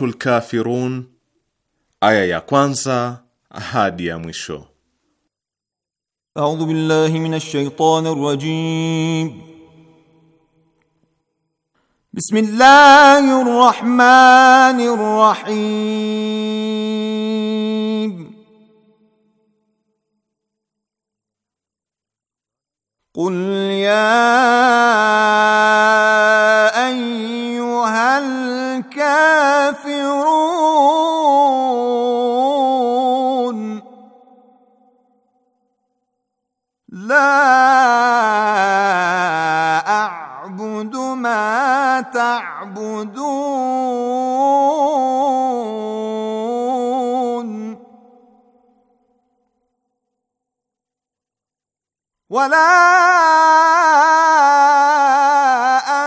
Suratul Kafirun aya ya kwanza hadi ya mwisho. A'udhu billahi minash shaitanir rajim. Bismillahir rahmanir rahim. ما تعبدون ولا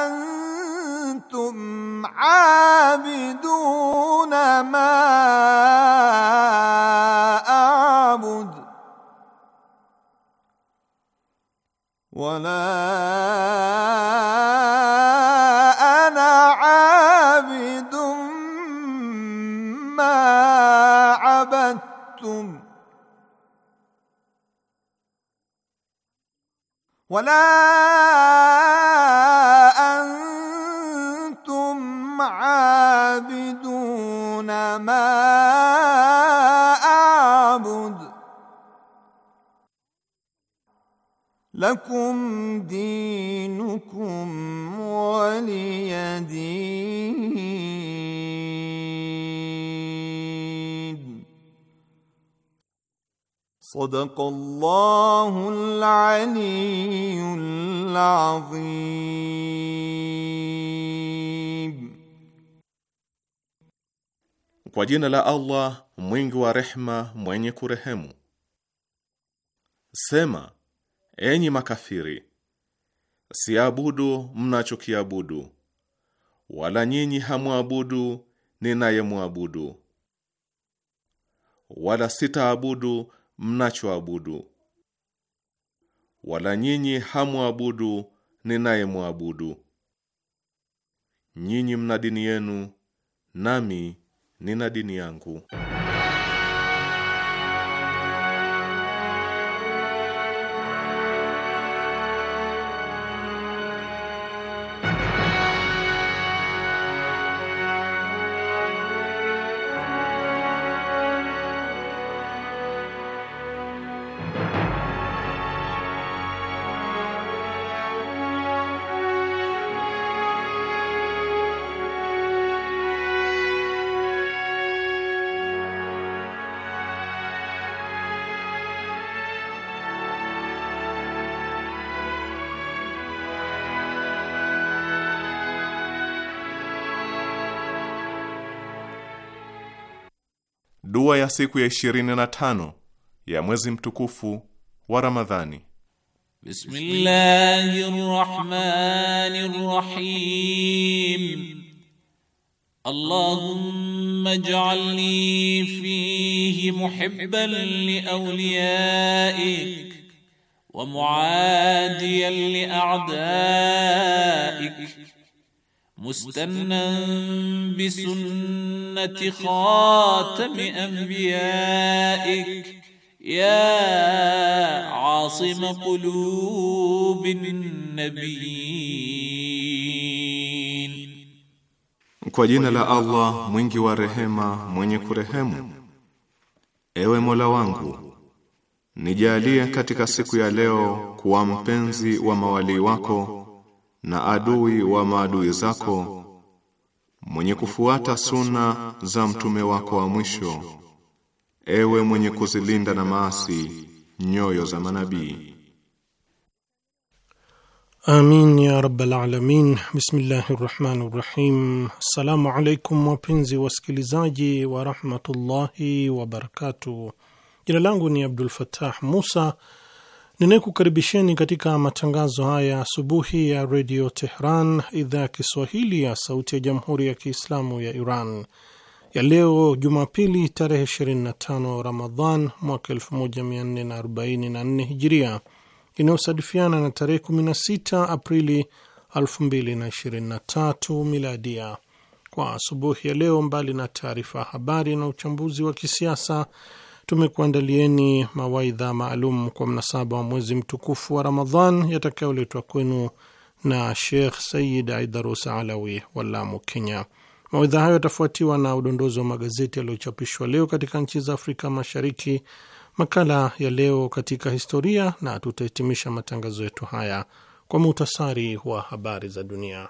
انتم عابدون ما اعبد ولا ولا أنتم عابدون ما أعبد لكم دينكم ولي دين صدق الله العلي Kwa jina la Allah mwingi wa rehma mwenye kurehemu. Sema, enyi makafiri, siabudu mnachokiabudu, wala nyinyi hamwabudu ninayemwabudu, wala sitaabudu mnachoabudu, wala nyinyi hamwabudu mwabudu Nyinyi mna dini yenu, nami nina dini yangu. kuwa ya siku ya 25 ya mwezi mtukufu wa Ramadhani. Bismillahir Rahmanir Rahim. Allahumma ij'alni fihi muhibban li awliyaik wa muadiyan li a'daik مستنا بسنة خاتم أنبيائك يا عاصم قلوب النبيين Kwa jina la Allah mwingi wa rehema mwenye kurehemu, ewe Mola wangu nijalie katika siku ya leo kuwa mpenzi wa mawalii wako na adui wa maadui zako, mwenye kufuata suna za mtume wako wa mwisho, ewe mwenye kuzilinda na maasi nyoyo za manabii. Amin ya rabbal alamin. Bismillahir rahmanir rahim. Assalamu alaykum wapenzi wasikilizaji wa rahmatullahi wa barakatuh. Jina langu ni Abdul Fattah Musa Ninayekukaribisheni katika matangazo haya asubuhi ya redio Tehran, idhaa ya Kiswahili ya sauti ya jamhuri ya Kiislamu ya Iran ya leo Jumapili tarehe 25 Ramadhan mwaka 1444 Hijiria inayosadifiana na tarehe 16 Aprili 2023 Miladia. Kwa asubuhi ya leo, mbali na taarifa ya habari na uchambuzi wa kisiasa tumekuandalieni mawaidha maalum kwa mnasaba wa mwezi mtukufu wa Ramadhan yatakayoletwa kwenu na Shekh Sayid Aidarus Alawi wa Lamu, Kenya. Mawaidha hayo yatafuatiwa na udondozi wa magazeti yaliyochapishwa leo katika nchi za Afrika Mashariki, makala ya leo katika historia, na tutahitimisha matangazo yetu haya kwa muhtasari wa habari za dunia.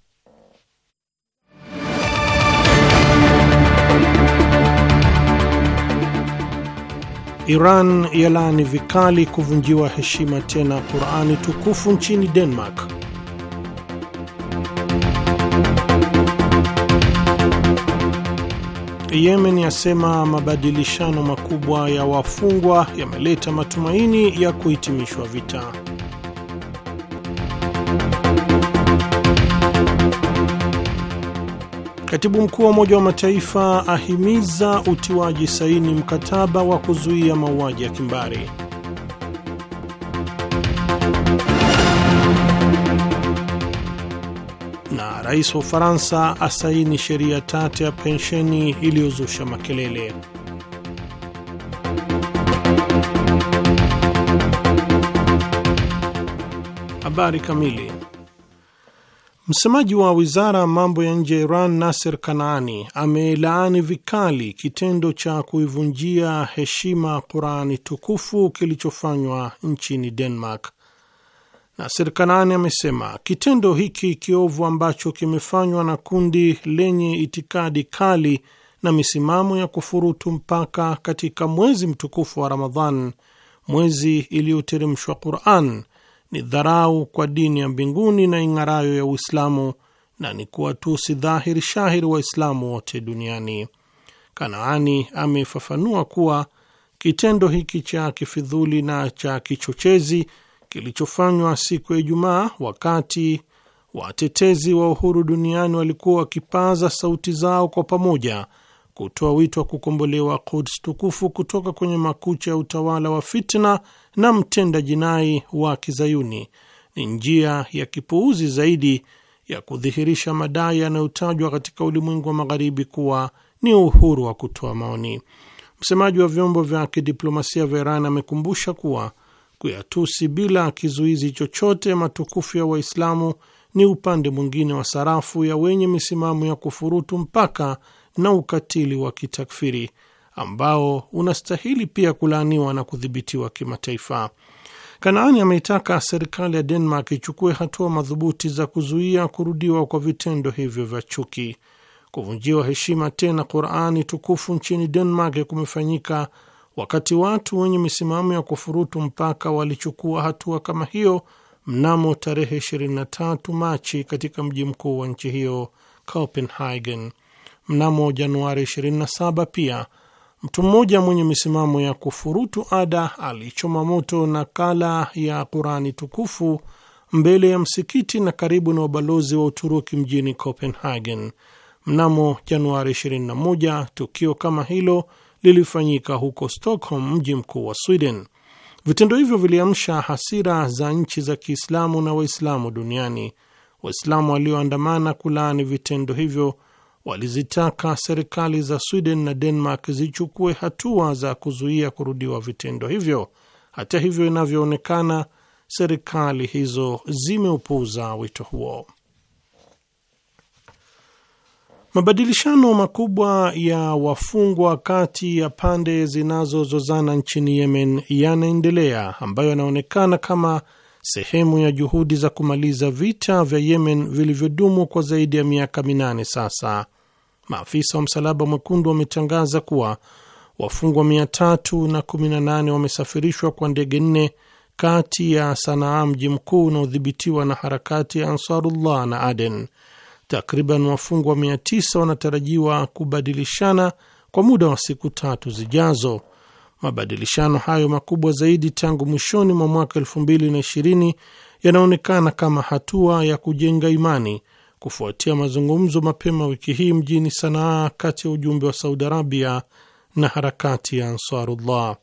Iran yalaani vikali kuvunjiwa heshima tena Qurani tukufu nchini Denmark. Yemen yasema mabadilishano makubwa ya wafungwa yameleta matumaini ya kuhitimishwa vita. Katibu mkuu wa Umoja wa Mataifa ahimiza utiwaji saini mkataba wa kuzuia mauaji ya kimbari. Na rais wa Ufaransa asaini sheria tata ya pensheni iliyozusha makelele. Habari kamili Msemaji wa wizara ya mambo ya nje ya Iran Nasser Kanaani amelaani vikali kitendo cha kuivunjia heshima Qurani tukufu kilichofanywa nchini Denmark. Nasser Kanaani amesema kitendo hiki kiovu ambacho kimefanywa na kundi lenye itikadi kali na misimamo ya kufurutu mpaka katika mwezi mtukufu wa Ramadhan, mwezi iliyoteremshwa Quran ni dharau kwa dini ya mbinguni na ing'arayo ya Uislamu na ni kuwatusi dhahiri shahiri Waislamu wote duniani. Kanaani amefafanua kuwa kitendo hiki cha kifidhuli na cha kichochezi kilichofanywa siku ya Ijumaa wakati watetezi wa uhuru duniani walikuwa wakipaza sauti zao kwa pamoja kutoa wito wa kukombolewa Quds tukufu kutoka kwenye makucha ya utawala wa fitna na mtenda jinai wa kizayuni ni njia ya kipuuzi zaidi ya kudhihirisha madai yanayotajwa katika ulimwengu wa magharibi kuwa ni uhuru wa kutoa maoni. Msemaji wa vyombo vya kidiplomasia vya Iran amekumbusha kuwa kuyatusi bila kizuizi chochote matukufu ya Waislamu ni upande mwingine wa sarafu ya wenye misimamo ya kufurutu mpaka na ukatili wa kitakfiri ambao unastahili pia kulaaniwa na kudhibitiwa kimataifa. Kanaani ameitaka serikali ya Denmark ichukue hatua madhubuti za kuzuia kurudiwa kwa vitendo hivyo vya chuki. Kuvunjiwa heshima tena Qurani tukufu nchini Denmark kumefanyika wakati watu wenye misimamo ya kufurutu mpaka walichukua hatua kama hiyo mnamo tarehe 23 Machi katika mji mkuu wa nchi hiyo Copenhagen. Mnamo Januari 27 pia mtu mmoja mwenye misimamo ya kufurutu ada alichoma moto nakala ya Qurani tukufu mbele ya msikiti na karibu na ubalozi wa Uturuki mjini Copenhagen. Mnamo Januari 21 tukio kama hilo lilifanyika huko Stockholm, mji mkuu wa Sweden. Vitendo hivyo viliamsha hasira za nchi za Kiislamu na Waislamu duniani. Waislamu walioandamana kulaani vitendo hivyo walizitaka serikali za Sweden na Denmark zichukue hatua za kuzuia kurudiwa vitendo hivyo. Hata hivyo, inavyoonekana serikali hizo zimeupuuza wito huo. Mabadilishano makubwa ya wafungwa kati ya pande zinazozozana nchini Yemen yanaendelea, ambayo yanaonekana kama sehemu ya juhudi za kumaliza vita vya Yemen vilivyodumu kwa zaidi ya miaka minane sasa. Maafisa wa Msalaba Mwekundu wametangaza kuwa wafungwa 318 wamesafirishwa kwa ndege nne kati ya Sanaa, mji mkuu unaodhibitiwa na harakati ya Ansarullah na Aden. Takriban wafungwa 900 wanatarajiwa kubadilishana kwa muda wa siku tatu zijazo Mabadilishano hayo makubwa zaidi tangu mwishoni mwa mwaka ishirini yanaonekana kama hatua ya kujenga imani kufuatia mazungumzo mapema wiki hii mjini Sanaa kati ya ujumbe wa Saudi Arabia na harakati ya Ansarullah.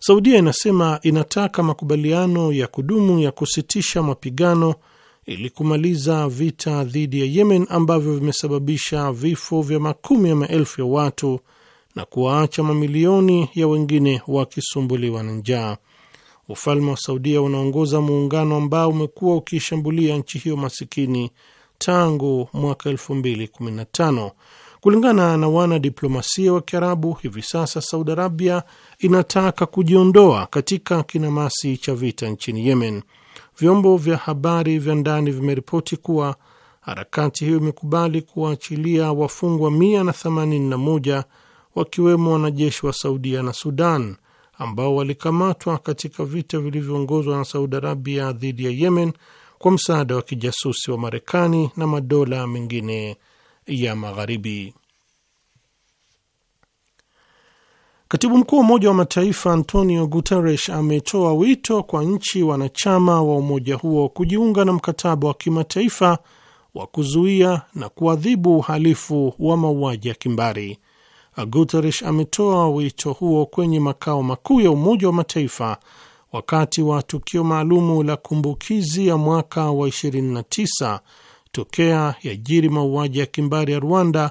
Saudia inasema inataka makubaliano ya kudumu ya kusitisha mapigano ili kumaliza vita dhidi ya Yemen ambavyo vimesababisha vifo vya makumi ya maelfu ya watu na kuwaacha mamilioni ya wengine wakisumbuliwa na njaa. Ufalme wa Saudia unaongoza muungano ambao umekuwa ukishambulia nchi hiyo masikini tangu mwaka 2015. Kulingana na wanadiplomasia wa Kiarabu, hivi sasa Saudi Arabia inataka kujiondoa katika kinamasi cha vita nchini Yemen. Vyombo vya habari vya ndani vimeripoti kuwa harakati hiyo imekubali kuwaachilia wafungwa 181 wakiwemo wanajeshi wa Saudia na Sudan ambao walikamatwa katika vita vilivyoongozwa na Saudi Arabia dhidi ya Yemen kwa msaada wa kijasusi wa Marekani na madola mengine ya Magharibi. Katibu mkuu wa Umoja wa Mataifa Antonio Guterres ametoa wito kwa nchi wanachama wa umoja huo kujiunga na mkataba wa kimataifa wa kuzuia na kuadhibu uhalifu wa mauaji ya kimbari. Guterres ametoa wito huo kwenye makao makuu ya Umoja wa Mataifa wakati wa tukio maalumu la kumbukizi ya mwaka wa 29 tokea yajiri mauaji ya kimbari ya Rwanda,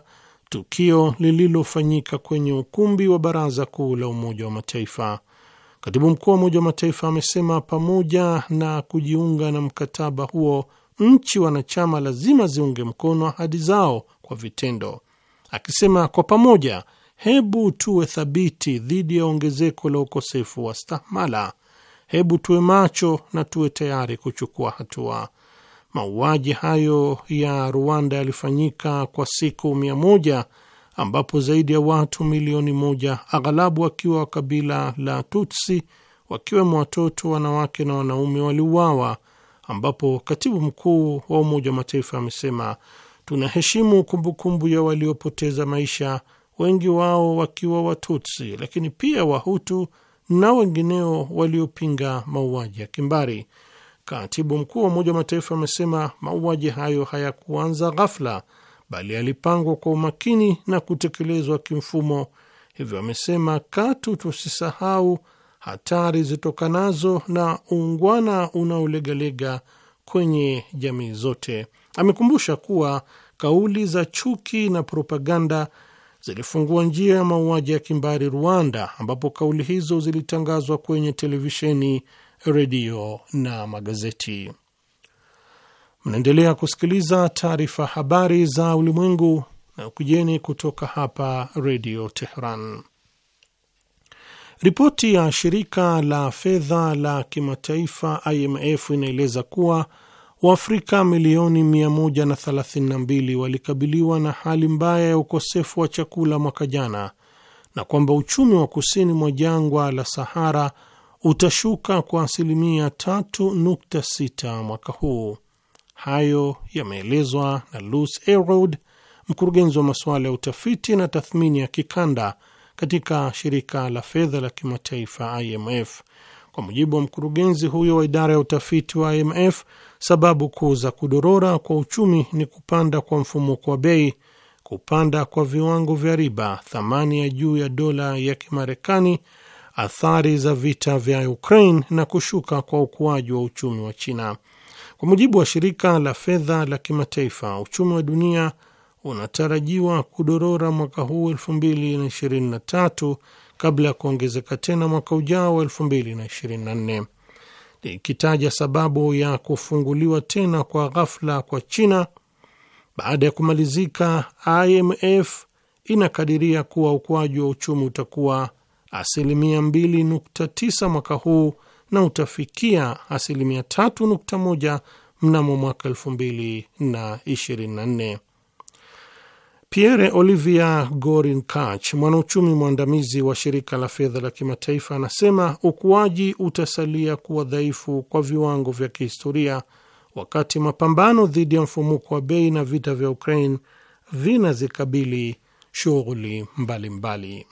tukio lililofanyika kwenye ukumbi wa Baraza Kuu la Umoja wa Mataifa. Katibu mkuu wa Umoja wa Mataifa amesema pamoja na kujiunga na mkataba huo, nchi wanachama lazima ziunge mkono ahadi zao kwa vitendo, akisema kwa pamoja Hebu tuwe thabiti dhidi ya ongezeko la ukosefu wa stahmala. Hebu tuwe macho na tuwe tayari kuchukua hatua. Mauaji hayo ya Rwanda yalifanyika kwa siku mia moja ambapo zaidi ya watu milioni moja aghalabu wakiwa wa kabila la Tutsi wakiwemo watoto, wanawake na wanaume waliuawa, ambapo katibu mkuu wa Umoja wa Mataifa amesema tunaheshimu kumbukumbu ya waliopoteza maisha wengi wao wakiwa Watutsi, lakini pia Wahutu na wengineo waliopinga mauaji ya kimbari. Katibu mkuu wa Umoja wa Mataifa amesema mauaji hayo hayakuanza ghafla, bali yalipangwa kwa umakini na kutekelezwa kimfumo. Hivyo amesema katu tusisahau hatari zitokanazo na uungwana unaolegalega kwenye jamii zote. Amekumbusha kuwa kauli za chuki na propaganda zilifungua njia ya mauaji ya kimbari Rwanda, ambapo kauli hizo zilitangazwa kwenye televisheni, redio na magazeti. Mnaendelea kusikiliza taarifa habari za ulimwengu na ukujeni kutoka hapa redio Tehran. Ripoti ya shirika la fedha la kimataifa IMF inaeleza kuwa Waafrika milioni 132 walikabiliwa na hali mbaya ya ukosefu wa chakula mwaka jana na kwamba uchumi wa kusini mwa jangwa la Sahara utashuka kwa asilimia 3.6 mwaka huu. Hayo yameelezwa na Luce Erod, mkurugenzi wa masuala ya utafiti na tathmini ya kikanda katika shirika la fedha la kimataifa IMF. Kwa mujibu wa mkurugenzi huyo wa idara ya utafiti wa IMF, Sababu kuu za kudorora kwa uchumi ni kupanda kwa mfumuko wa bei, kupanda kwa viwango vya riba, thamani ya juu ya dola ya Kimarekani, athari za vita vya Ukraine na kushuka kwa ukuaji wa uchumi wa China. Kwa mujibu wa shirika la fedha la kimataifa, uchumi wa dunia unatarajiwa kudorora mwaka huu 2023 kabla ya kuongezeka tena mwaka ujao 224 2024 likitaja sababu ya kufunguliwa tena kwa ghafla kwa China baada ya kumalizika IMF inakadiria kuwa ukuaji wa uchumi utakuwa asilimia 2.9 mwaka huu na utafikia asilimia 3.1 mnamo mwaka 2024. Pierre Olivia Gorin-Kach, mwanauchumi mwandamizi wa shirika la fedha la kimataifa, anasema ukuaji utasalia kuwa dhaifu kwa viwango vya kihistoria, wakati mapambano dhidi ya mfumuko wa bei na vita vya Ukraine vinazikabili shughuli mbalimbali.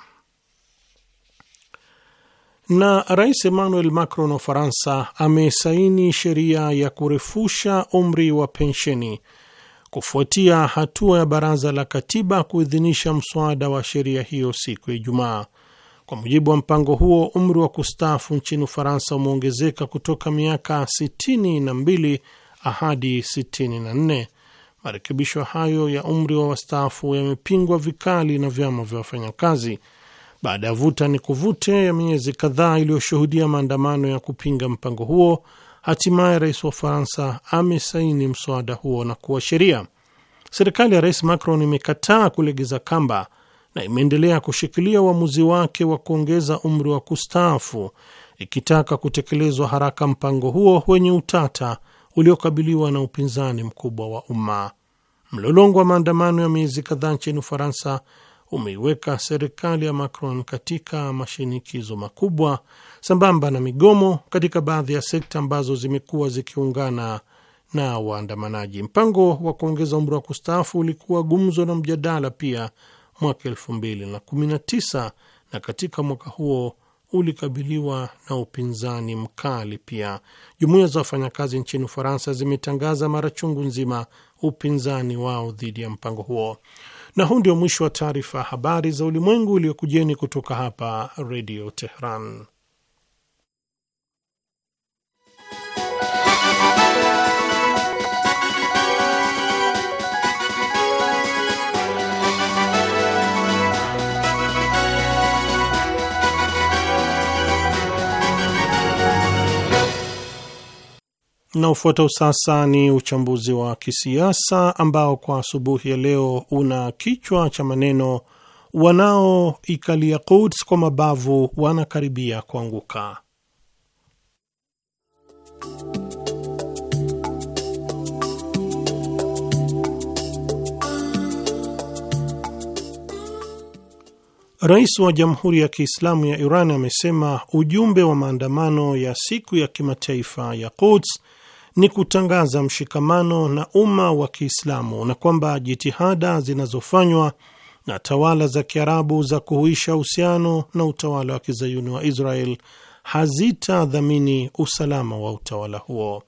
Na Rais Emmanuel Macron wa Ufaransa amesaini sheria ya kurefusha umri wa pensheni kufuatia hatua ya baraza la katiba kuidhinisha mswada wa sheria hiyo siku ya Ijumaa. Kwa mujibu wa mpango huo, umri wa kustaafu nchini Ufaransa umeongezeka kutoka miaka 62 hadi 64. Marekebisho hayo ya umri wa wastaafu yamepingwa vikali na vyama vya wafanyakazi baada ya vuta ni kuvute ya miezi kadhaa iliyoshuhudia maandamano ya kupinga mpango huo. Hatimaye rais wa Ufaransa amesaini mswada huo na kuwa sheria serikali ya Rais Macron imekataa kulegeza kamba na imeendelea kushikilia uamuzi wake wa kuongeza umri wa kustaafu, ikitaka kutekelezwa haraka mpango huo wenye utata uliokabiliwa na upinzani mkubwa wa umma. Mlolongo wa maandamano ya miezi kadhaa nchini Ufaransa umeiweka serikali ya Macron katika mashinikizo makubwa, sambamba na migomo katika baadhi ya sekta ambazo zimekuwa zikiungana na waandamanaji. Mpango wa kuongeza umri wa kustaafu ulikuwa gumzo na mjadala pia mwaka elfu mbili na kumi na tisa na katika mwaka huo ulikabiliwa na upinzani mkali pia. Jumuiya za wafanyakazi nchini Ufaransa zimetangaza mara chungu nzima upinzani wao dhidi ya mpango huo. Na huu ndio mwisho wa taarifa ya habari za ulimwengu iliyokujeni kutoka hapa Redio Teheran. Na ufuatao sasa ni uchambuzi wa kisiasa ambao kwa asubuhi ya leo una kichwa cha maneno wanaoikalia Quds kwa mabavu wanakaribia kuanguka. Rais wa Jamhuri ya Kiislamu ya Iran amesema ujumbe wa maandamano ya siku ya kimataifa ya Quds ni kutangaza mshikamano na umma wa Kiislamu na kwamba jitihada zinazofanywa na tawala za Kiarabu za kuhuisha uhusiano na utawala wa kizayuni wa Israel hazitadhamini usalama wa utawala huo.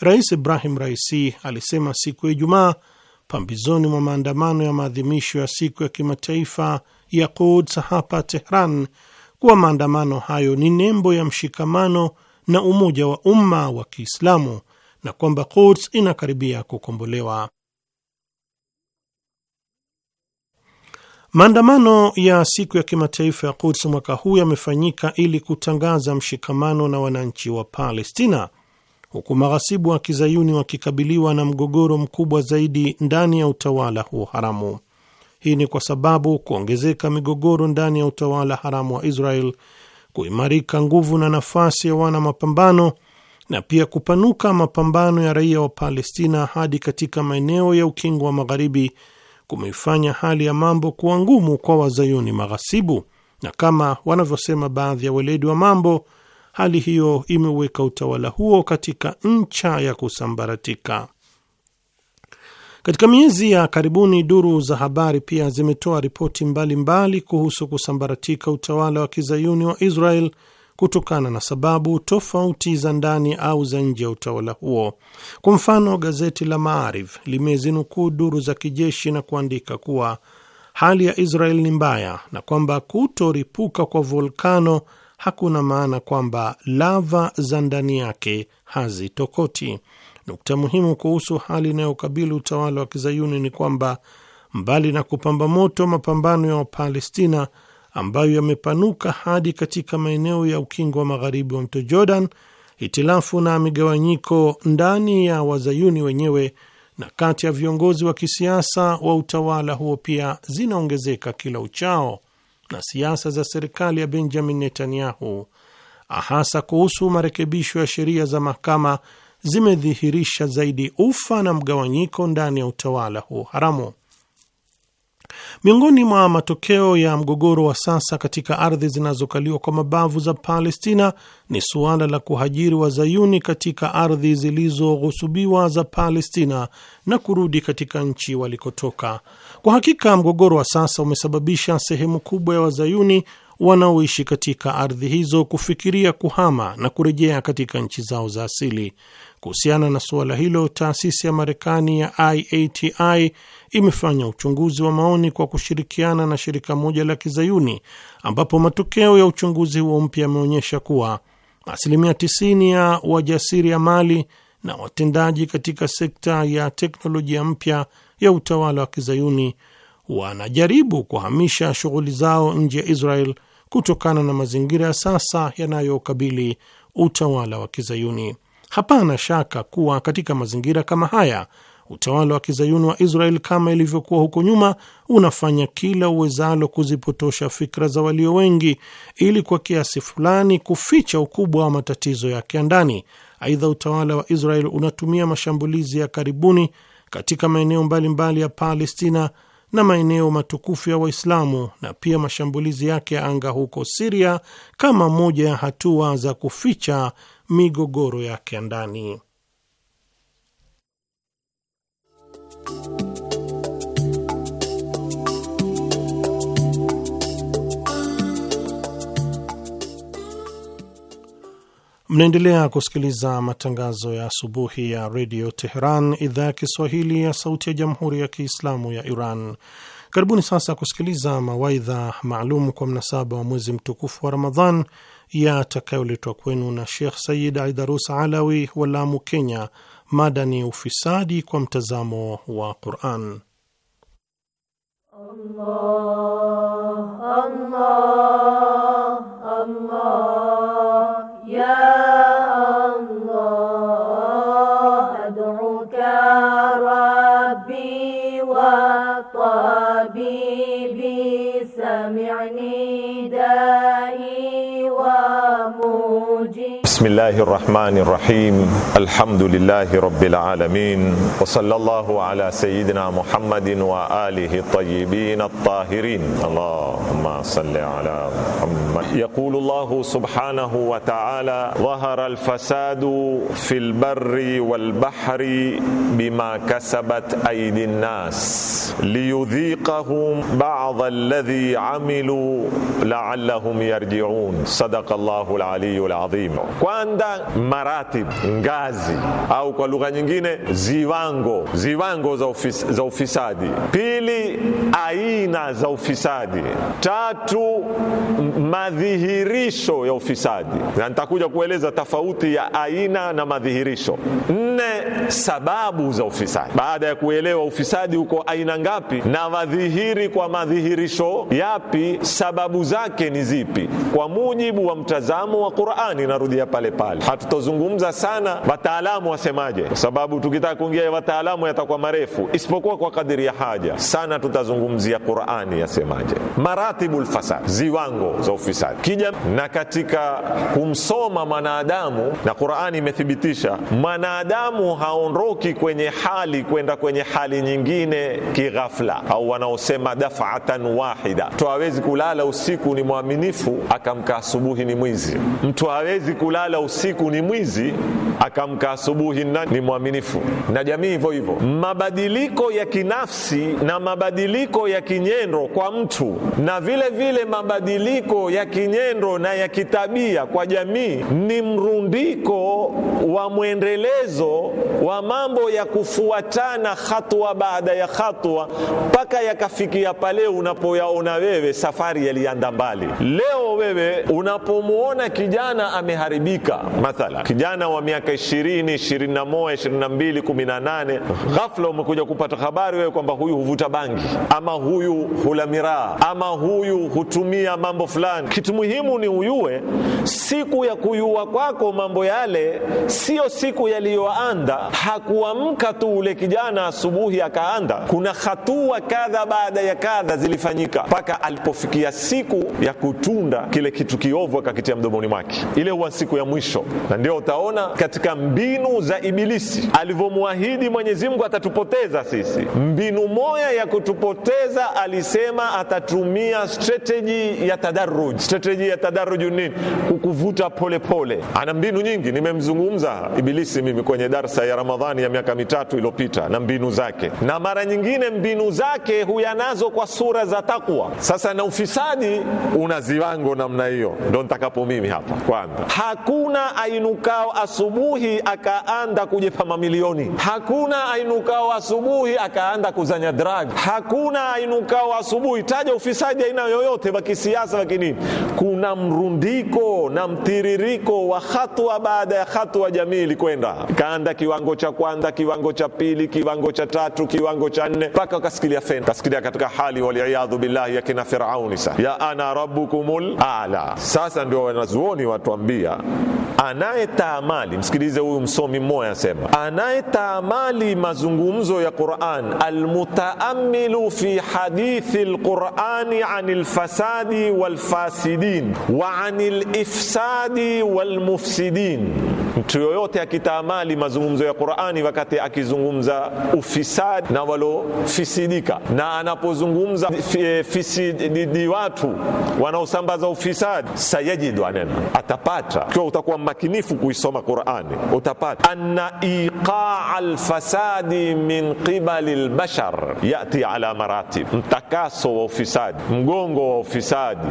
Rais Ibrahim Raisi alisema siku ya Ijumaa pambizoni mwa maandamano ya maadhimisho ya siku ya kimataifa ya Quds hapa Tehran kuwa maandamano hayo ni nembo ya mshikamano na umoja wa umma wa Kiislamu na kwamba Quds inakaribia kukombolewa. Maandamano ya siku ya kimataifa ya Quds mwaka huu yamefanyika ili kutangaza mshikamano na wananchi wa Palestina, huku maghasibu wa kizayuni wakikabiliwa na mgogoro mkubwa zaidi ndani ya utawala huo haramu. Hii ni kwa sababu kuongezeka migogoro ndani ya utawala haramu wa Israel, kuimarika nguvu na nafasi ya wana mapambano na pia kupanuka mapambano ya raia wa Palestina hadi katika maeneo ya ukingo wa Magharibi kumeifanya hali ya mambo kuwa ngumu kwa wazayuni maghasibu, na kama wanavyosema baadhi ya weledi wa mambo, hali hiyo imeweka utawala huo katika ncha ya kusambaratika. Katika miezi ya karibuni, duru za habari pia zimetoa ripoti mbalimbali kuhusu kusambaratika utawala wa kizayuni wa Israel kutokana na sababu tofauti za ndani au za nje ya utawala huo. Kwa mfano, gazeti la Maarif limezinukuu duru za kijeshi na kuandika kuwa hali ya Israel ni mbaya na kwamba kutoripuka kwa volkano hakuna maana kwamba lava za ndani yake hazitokoti. Nukta muhimu kuhusu hali inayokabili utawala wa kizayuni ni kwamba mbali na kupamba moto mapambano ya Wapalestina ambayo yamepanuka hadi katika maeneo ya ukingo wa magharibi wa mto Jordan, hitilafu na migawanyiko ndani ya wazayuni wenyewe na kati ya viongozi wa kisiasa wa utawala huo pia zinaongezeka kila uchao, na siasa za serikali ya Benjamin Netanyahu hasa kuhusu marekebisho ya sheria za mahakama zimedhihirisha zaidi ufa na mgawanyiko ndani ya utawala huo haramu. Miongoni mwa matokeo ya mgogoro wa sasa katika ardhi zinazokaliwa kwa mabavu za Palestina ni suala la kuhajiri wazayuni katika ardhi zilizoghusubiwa za Palestina na kurudi katika nchi walikotoka. Kwa hakika mgogoro wa sasa umesababisha sehemu kubwa ya wazayuni wanaoishi katika ardhi hizo kufikiria kuhama na kurejea katika nchi zao za asili. Kuhusiana na suala hilo, taasisi ya Marekani ya IATI imefanya uchunguzi wa maoni kwa kushirikiana na shirika moja la Kizayuni, ambapo matokeo ya uchunguzi huo mpya yameonyesha kuwa asilimia 90 ya wajasiri ya mali na watendaji katika sekta ya teknolojia mpya ya utawala wa Kizayuni wanajaribu kuhamisha shughuli zao nje ya Israel kutokana na mazingira ya sasa yanayokabili utawala wa Kizayuni. Hapana shaka kuwa katika mazingira kama haya utawala wa kizayuni wa Israel kama ilivyokuwa huko nyuma unafanya kila uwezalo kuzipotosha fikra za walio wengi ili kwa kiasi fulani kuficha ukubwa wa matatizo yake ya ndani. Aidha, utawala wa Israel unatumia mashambulizi ya karibuni katika maeneo mbalimbali ya Palestina na maeneo matukufu ya Waislamu na pia mashambulizi yake ya anga huko Siria kama moja ya hatua za kuficha migogoro yake ya ndani. Mnaendelea kusikiliza matangazo ya asubuhi ya redio Teheran, idhaa ya Kiswahili ya sauti ya jamhuri ya kiislamu ya Iran. Karibuni sasa kusikiliza mawaidha maalum kwa mnasaba wa mwezi mtukufu wa Ramadhan yatakayoletwa kwenu na Shekh Sayid Aidarus Alawi wa Lamu, Kenya. Mada ni ufisadi kwa mtazamo wa Quran. Allah, Allah, Allah. بسم الله الرحمن الرحيم الحمد لله رب العالمين وصلى الله على سيدنا محمد وآله الطيبين الطاهرين اللهم صل على محمد يقول الله سبحانه وتعالى ظهر الفساد في البر والبحر بما كسبت أيدي الناس ليذيقهم بعض الذي عملوا لعلهم يرجعون صدق الله العلي العظيم kupanda maratib, ngazi au kwa lugha nyingine ziwango, ziwango za, ufis, za ufisadi. Pili, aina za ufisadi. Tatu, madhihirisho ya ufisadi, na nitakuja kueleza tofauti ya aina na madhihirisho. Nne, sababu za ufisadi. Baada ya kuelewa ufisadi uko aina ngapi na wadhihiri kwa madhihirisho yapi, sababu zake ni zipi, kwa mujibu wa mtazamo wa Qur'ani. Narudia pale pale pale. Hatutozungumza sana wataalamu wasemaje, kwa sababu tukitaka kuingia wataalamu yatakuwa marefu, isipokuwa kwa kadiri ya haja sana. Tutazungumzia Qur'ani yasemaje, maratibul fasad, ziwango za ufisadi kija na katika kumsoma mwanadamu, na Qur'ani imethibitisha mwanadamu haondoki kwenye hali kwenda kwenye hali nyingine kighafla, au wanaosema dafatan wahida. Mtu hawezi kulala usiku ni mwaminifu akamka asubuhi ni mwizi. Mtu hawezi kulala akalala usiku ni mwizi, akamka asubuhi na ni mwaminifu, na jamii hivyo hivyo. Mabadiliko ya kinafsi na mabadiliko ya kinyendo kwa mtu na vile vile mabadiliko ya kinyendo na ya kitabia kwa jamii ni mrundiko wa mwendelezo wa mambo ya kufuatana hatua baada ya hatua mpaka yakafikia pale unapoyaona wewe safari yalianda mbali. Leo wewe unapomwona kijana ameharibika Afrika mathala, kijana wa miaka 20, 21, 22, 18, ghafla umekuja kupata habari wewe kwamba huyu huvuta bangi ama huyu hula miraa ama huyu hutumia mambo fulani. Kitu muhimu ni uyue siku ya kuyua kwako mambo yale, siyo siku yaliyoanda. Hakuamka tu ule kijana asubuhi akaanda, kuna hatua kadha baada ya kadha zilifanyika mpaka alipofikia siku ya kutunda kile kitu kiovu akakitia mdomoni mwake. Ile huwa siku ya mwisho, na ndio utaona katika mbinu za Ibilisi alivyomwahidi Mwenyezi Mungu atatupoteza sisi. Mbinu moja ya kutupoteza alisema atatumia strategy ya tadarruj. Strategy ya tadarruj nini? Kukuvuta polepole. Ana mbinu nyingi, nimemzungumza Ibilisi mimi kwenye darsa ya Ramadhani ya miaka mitatu iliyopita, na mbinu zake, na mara nyingine mbinu zake huyanazo kwa sura za takwa. Sasa na ufisadi una ziwango namna hiyo, ndo ntakapo mimi hapa kwanza hakuna ainukao asubuhi akaanda kujepa mamilioni, hakuna ainukao asubuhi akaanda kuzanya drag, hakuna ainukao asubuhi taja ufisadi aina yoyote wa kisiasa, lakini kuna mrundiko na mtiririko wa hatua baada ya hatua jamii ilikwenda kaanda, kiwango cha kwanza, kiwango cha pili, kiwango cha tatu, kiwango cha nne, mpaka wakasikilia fena, kasikilia katika hali waliyadhu billahi yakina Firauni, sa ya ana rabbukumul ala. Sasa ndio wanazuoni watuambia anayetaamali, msikilize huyu msomi mmoja anasema, anayetaamali mazungumzo ya Quran, almutaamilu fi hadithi lqurani an lfasadi walfasidin wa an lifsadi walmufsidin Mtu yoyote akitaamali mazungumzo ya Qurani wakati akizungumza ufisadi na walofisidika, na anapozungumza eh, fisidi watu wanaosambaza ufisadi, sayajidu, anena atapata utakuwa makinifu kuisoma Qurani utapata anna iqaa lfasadi min qibali lbashar yati ala maratib, mtakaso wa ufisadi, mgongo wa ufisadi,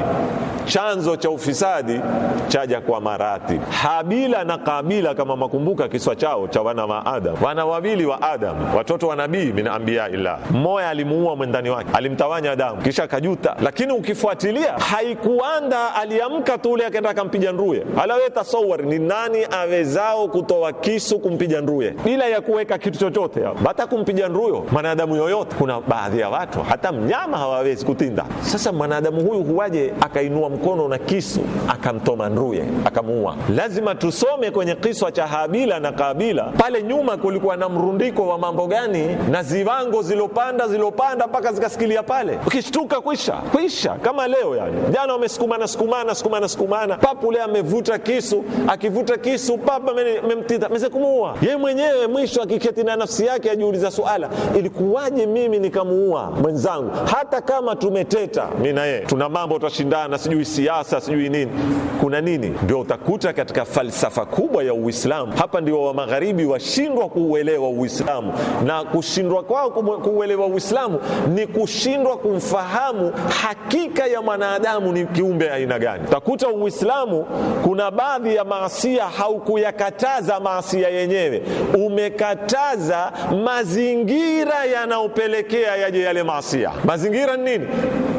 chanzo cha ufisadi chaja kwa maratib. Habila na Kabila, kama makumbuka kiswa chao cha wana wa Adam, wana wawili wa Adam, watoto wa nabii min ambia illah. Mmoja alimuua mwendani wake, alimtawanya damu, kisha kajuta, lakini ukifuatilia haikuanda aliamka tu ule akaenda akampiga nruye alaweta tasawar, ni nani awezao kutoa kisu kumpiga nduye bila ya kuweka kitu chochote hata kumpiga nduyo mwanadamu yoyote. Kuna baadhi ya watu hata mnyama hawawezi kutinda. Sasa mwanadamu huyu huwaje akainua mkono na kisu akamtoma nduye akamuua? Lazima tusome kwenye kiswa cha Habila na Kabila pale nyuma, kulikuwa na mrundiko wa mambo gani na ziwango zilopanda zilopanda mpaka zikasikilia pale, ukishtuka kwisha kwisha, kama leo yani. Jana wamesukumana sukumana sukumana sukumana, papule amevuta kisu akivuta kisu papa memtita kumuua yeye mwenyewe. Mwisho akiketi na nafsi yake ajiuliza suala, ilikuwaje mimi nikamuua mwenzangu? Hata kama tumeteta mi na yeye, tuna mambo twashindana, sijui siasa, sijui nini, kuna nini? Ndio utakuta katika falsafa kubwa ya Uislamu. Hapa ndio wa magharibi washindwa kuuelewa Uislamu, na kushindwa kwao kuuelewa Uislamu ni kushindwa kumfahamu hakika ya mwanadamu ni kiumbe aina gani. Utakuta Uislamu kuna baadhi baadhi ya maasia haukuyakataza maasia yenyewe, umekataza mazingira yanayopelekea yaje yale maasia. Mazingira ni nini?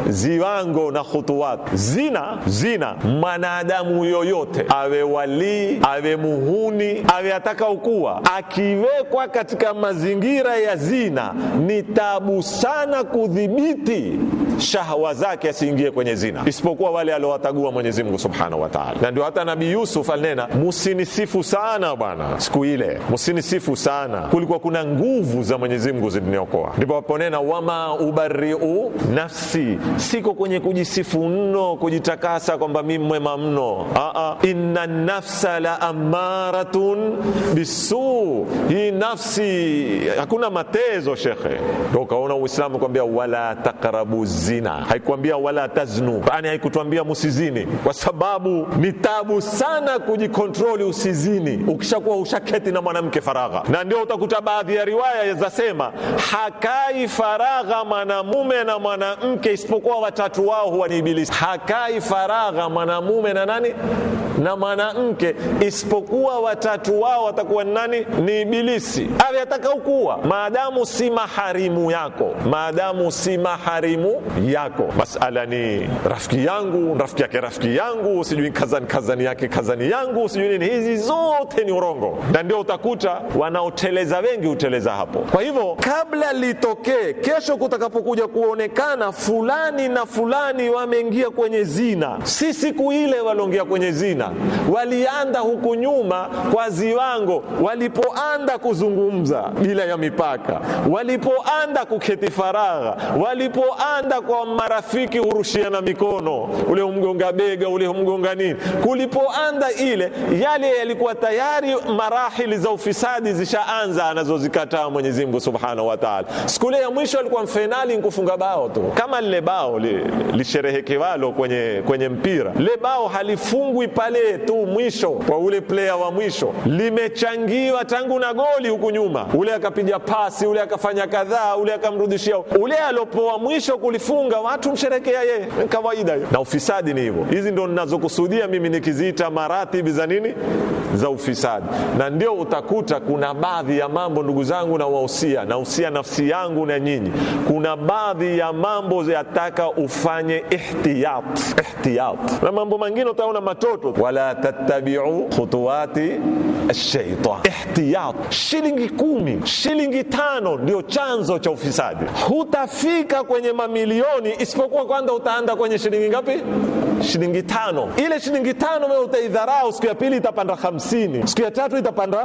ziwango na khutuwat. Zina, zina, mwanadamu yoyote awe walii, awe muhuni, awe ataka ukuwa akiwekwa katika mazingira ya zina, ni tabu sana kudhibiti shahwa zake asiingie kwenye zina, isipokuwa wale aliowatagua Mwenyezi Mungu subhanahu wa taala. Na ndio hata Nabii Yusuf Yusufu alinena, musinisifu sana bwana siku ile, musinisifu sana kulikuwa kuna nguvu za Mwenyezi Mungu ziliniokoa. Ndipo aponena wama ubariu nafsi, siko kwenye kujisifu mno, kujitakasa kwamba mi mwema mno. Inna nafsa la amaratun bisu, hii nafsi hakuna matezo shekhe. Ndo ukaona Uislamu kwambia wala takrabu zina, haikuambia wala taznu, yani haikutwambia musizini, kwa sababu ni tabu sana namna ya kujikontroli usizini ukishakuwa ushaketi na mwanamke faragha, na ndio utakuta baadhi ya riwaya zasema hakai faragha mwanamume na mwanamke isipokuwa watatu wao huwa ni Ibilisi. Hakai faragha mwanamume na nani na mwanamke isipokuwa watatu wao watakuwa ni nani? Ni Ibilisi. Avyataka ukuwa maadamu si maharimu yako, maadamu si maharimu yako. Masala ni rafiki yangu, rafiki yake, rafiki yangu, sijui kazani, kazani yake, kazani mizani yangu sijui nini, hizi zote ni urongo, na ndio utakuta wanaoteleza wengi huteleza hapo. Kwa hivyo kabla litokee, kesho kutakapokuja kuonekana fulani na fulani wameingia kwenye zina, si siku ile waliongea kwenye zina, walianda huku nyuma kwa ziwango, walipoanda kuzungumza bila ya mipaka, walipoanda kuketi faragha, walipoanda kwa marafiki hurushiana mikono, ule umgonga bega, ule umgonga nini, kulipoanda baada ile yale yalikuwa tayari marahili za ufisadi zishaanza anazozikataa Mwenyezi Mungu Subhanahu wa Ta'ala. Siku ile ya mwisho alikuwa mfainali nkufunga bao tu, kama lile bao lisherehekewalo li kwenye, kwenye mpira. Lile bao halifungwi pale tu mwisho kwa ule player wa mwisho, limechangiwa tangu na goli huku nyuma, ule akapiga pasi, ule akafanya kadhaa, ule akamrudishia, ule alopoa mwisho kulifunga, watu msherekea yeye, kawaida. Na ufisadi ni hivyo. Hizi ndo ninazokusudia mimi nikiziita mara taratibi za nini za ufisadi. Na ndio utakuta kuna baadhi ya mambo, ndugu zangu, na wahusia usia nafsi yangu na nyinyi, kuna baadhi ya mambo yataka ufanye ihtiyat, ihtiyat. Na mambo mengine utaona matoto, wala tattabiu khutuwati ash-shaytan, Ihtiyat, shilingi kumi, shilingi tano ndio chanzo cha ufisadi. Hutafika kwenye mamilioni isipokuwa kwanza utaanda kwenye shilingi ngapi? shilingi tano. Ile shilingi tano wewe utaidharau, siku ya pili itapanda hamsini, siku ya tatu itapanda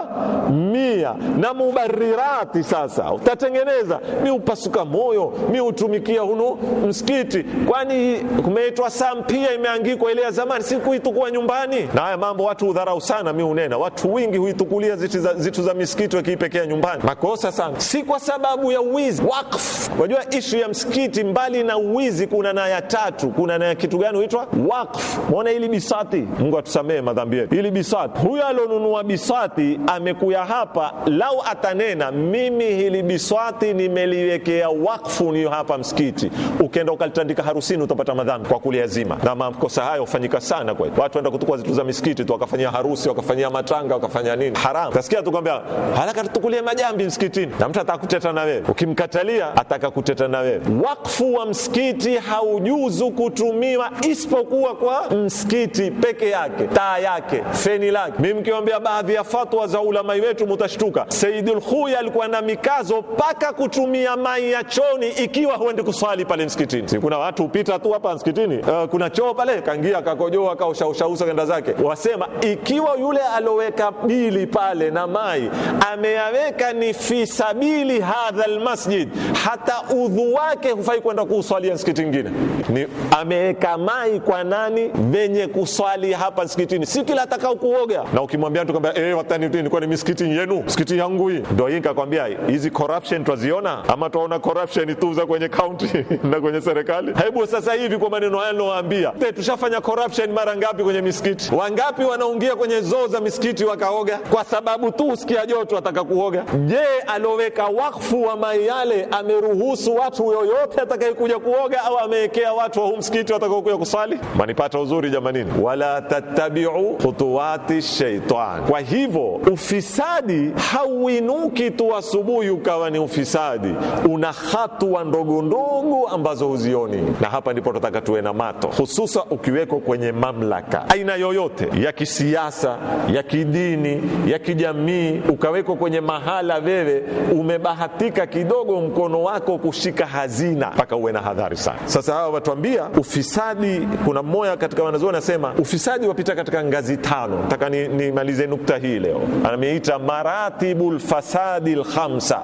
mia. Na mubarirati sasa utatengeneza, mi upasuka moyo, mi utumikia hunu msikiti, kwani kumeitwa sampia imeangikwa ile ya zamani, si kuitukua nyumbani. Na haya mambo watu udharau sana, mi unena, watu wingi huitukulia zitu za, zitu za misikiti wakiipekea nyumbani, makosa sana, si kwa sababu ya wizi wakfu. Unajua ishu ya msikiti mbali na wizi, kuna na ya tatu, kuna na ya kitu gani huitwa wakfu. Mwona hili bisati, Mungu atusamee madhambi yetu. Hili bisati, huyo alionunua bisati amekuya hapa, lau atanena mimi hili bisati nimeliwekea wakfu, niyo hapa msikiti, ukenda ukalitandika harusini utapata madhambi kwa kuliazima, na makosa hayo hufanyika sana kwetu. Watu waenda kutukua zitu za misikiti tu, wakafanyia harusi, wakafanyia matanga, wakafanya nini, haramu. Tasikia tukwambia haraka tukulie majambi msikitini, na mtu ataka kuteta na wewe, ukimkatalia ataka kuteta na wewe. Wakfu wa msikiti haujuzu kutumiwa isipokuwa kuwa kwa msikiti peke yake, taa yake, feni lake. Mimi mkiwaambia baadhi ya fatwa za ulamai wetu mutashtuka. Saidul Khuy alikuwa na mikazo mpaka kutumia mai ya choni ikiwa huendi kuswali pale msikitini. Si kuna watu hupita tu hapa msikitini, uh, kuna choo pale, kaingia kakojoa, kaushaushausa kenda zake. Wasema ikiwa yule aloweka bili pale na mai ameyaweka ni fi sabili hadha almasjid, hata udhu wake hufai kwenda kuuswalia msikiti mwingine, ni ameweka mai kwa nani venye kuswali hapa msikitini, si kila atakao kuoga. Na ukimwambia mtu kwamba eh, watani nilikuwa ni msikiti yenu, msikiti yangu hii, ndio hii nikakwambia, hizi corruption twaziona ama twaona corruption tu za kwenye county na kwenye serikali. Hebu sasa hivi kwa maneno haya nawaambia, eh, tushafanya corruption mara ngapi kwenye misikiti? Wangapi wanaingia kwenye zoo za misikiti wakaoga kwa sababu tu usikia joto ataka kuoga? Je, aloweka wakfu wa mai yale ameruhusu watu yoyote atakayekuja kuoga au amewekea watu wa msikiti watakaokuja kusali? manipata uzuri jamanini, wala tattabiu khutuwati shaitan. Kwa hivyo ufisadi hauinuki tu asubuhi ukawa ni ufisadi, una hatua ndogo ndogo ambazo huzioni, na hapa ndipo tunataka tuwe na mato, hususa ukiwekwa kwenye mamlaka aina yoyote ya kisiasa, ya kidini, ya kijamii, ukawekwa kwenye mahala, wewe umebahatika kidogo mkono wako kushika hazina, mpaka uwe na hadhari sana. Sasa hawa watuambia ufisadi kuna kuna mmoja katika wanazuoni anasema ufisadi wapita katika ngazi tano. Nataka nimalize ni nukta hii leo. Ameita maratibu lfasadi lhamsa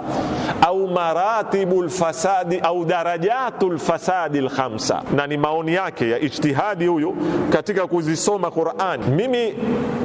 au maratibu lfasadi au darajatu lfasadi lhamsa na ni maoni yake ya ijtihadi huyu katika kuzisoma qurani Mimi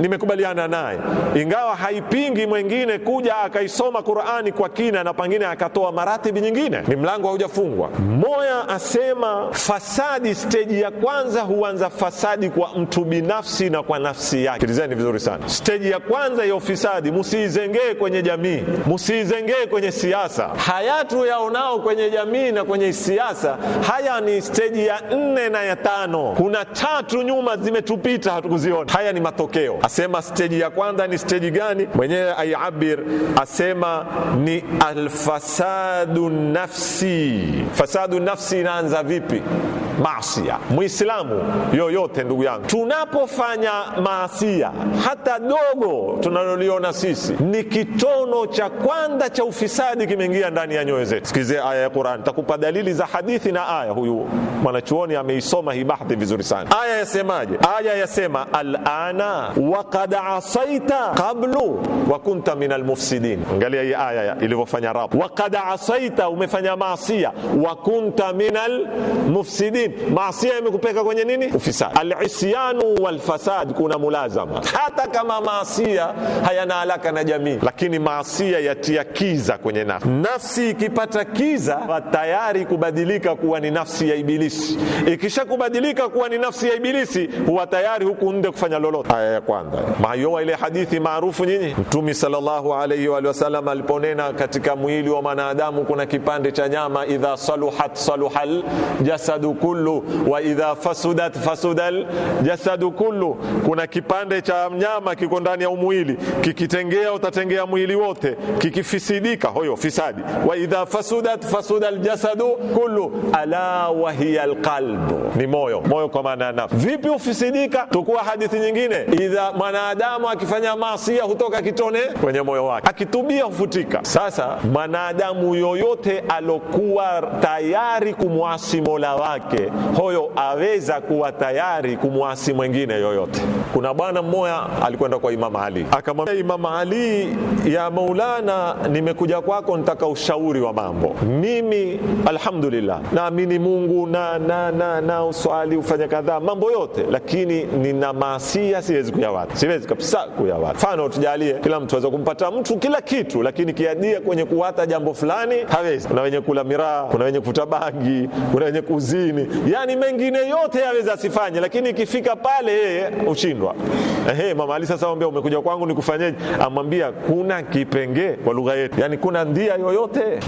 nimekubaliana naye, ingawa haipingi mwengine kuja akaisoma Qurani kwa kina na pangine akatoa maratibi nyingine, ni mlango haujafungwa. Mmoja asema fasadi steji ya kwanza hu huanza fasadi kwa mtu binafsi na kwa nafsi yake. Sikilizeni vizuri sana, steji ya kwanza ya ufisadi, musiizengee kwenye jamii, musiizengee kwenye siasa. Haya yaonao kwenye jamii na kwenye siasa, haya ni steji ya nne na ya tano. Kuna tatu nyuma zimetupita, hatukuziona. Haya ni matokeo. Asema steji ya kwanza ni steji gani? Mwenyewe aiabir asema ni alfasadu nafsi. Fasadu nafsi inaanza vipi? Masia. Muislamu yoyote ndugu yangu. Tunapofanya maasia hata dogo tunaloliona sisi, ni kitono cha kwanza cha ufisadi kimeingia ndani ya nyoyo zetu. Sikizie aya ya Qur'an, takupa dalili za hadithi na aya. Huyu mwanachuoni ameisoma hii bahthi vizuri sana. Aya yasemaje? Aya yasema alana waqad asaita qablu wa kunta min almufsidin. Angalia hii aya ilivyofanya rabu, waqad asaita, umefanya maasia, wa kunta min almufsidin. Maasia imekupeka kwenye nini? nini? Ufisadi. Alisyanu walfasad, kuna mulazama. Hata kama maasia hayana alaka na jamii, lakini maasia yatia kiza kwenye nafsi. Nafsi ikipata kiza, tayari kubadilika kuwa ni nafsi ya Ibilisi. Ikishakubadilika kuwa ni nafsi ya Ibilisi, huwa tayari huku nde kufanya lolote. Aya ya kwanza mayowa ile hadithi maarufu nyinyi, Mtume sallallahu alayhi wa sallam aliponena katika mwili wa mwanadamu kuna kipande cha nyama, idha saluhat saluhal jasadu kullu wa idha fasuda alhayaat fasudal jasadu kullu, kuna kipande cha mnyama kiko ndani ya umwili, kikitengea utatengea mwili wote, kikifisidika hoyo fisadi. Wa idha fasudat fasudal jasadu kullu, ala wa hiya alqalb, ni moyo. Moyo kwa maana ya nafsi. Vipi ufisidika? Tukua hadithi nyingine, idha mwanadamu akifanya maasi hutoka kitone kwenye moyo wake, akitubia hufutika. Sasa mwanadamu yoyote alokuwa tayari kumwasi mola wake, hoyo aweza ku kuwa tayari kumwasi mwingine yoyote. Kuna bwana mmoja alikwenda kwa Imam Ali akamwambia Imam Ali, ya Maulana, nimekuja kwako, nitaka ushauri wa mambo. Mimi alhamdulillah naamini Mungu na, na, na, na uswali ufanya kadhaa mambo yote, lakini nina maasia, siwezi kuyawata, siwezi kabisa kuyawata. Mfano tujalie kila mtu aweza kumpata mtu kila kitu, lakini kiadia kwenye kuwata jambo fulani hawezi. Kuna wenye kula miraa, kuna wenye kuvuta bangi, kuna wenye kuzini, yani mengine yote ya anaweza asifanye, lakini ikifika pale yeye ushindwa Ehe, mama Ali sasa ambia umekuja kwangu nikufanyeje? Amwambia kuna kipenge kwa lugha yetu, yani kuna ndia yoyote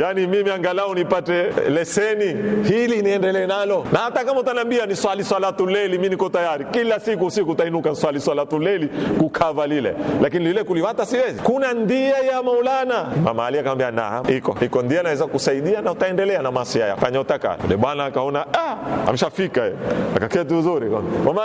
yani mimi angalau nipate leseni hili niendelee nalo, na hata kama utaniambia ni swali salatu leli, mimi niko tayari kila siku usiku utainuka swali salatu leli kukava lile, lakini lile kuliwata siwezi. Kuna ndia ya Maulana. Mama Ali akamwambia na iko iko ndia naweza kusaidia na utaendelea na masi haya, fanya utaka. Yule bwana akaona ah, amshafika ameshafika akaketi kwa mama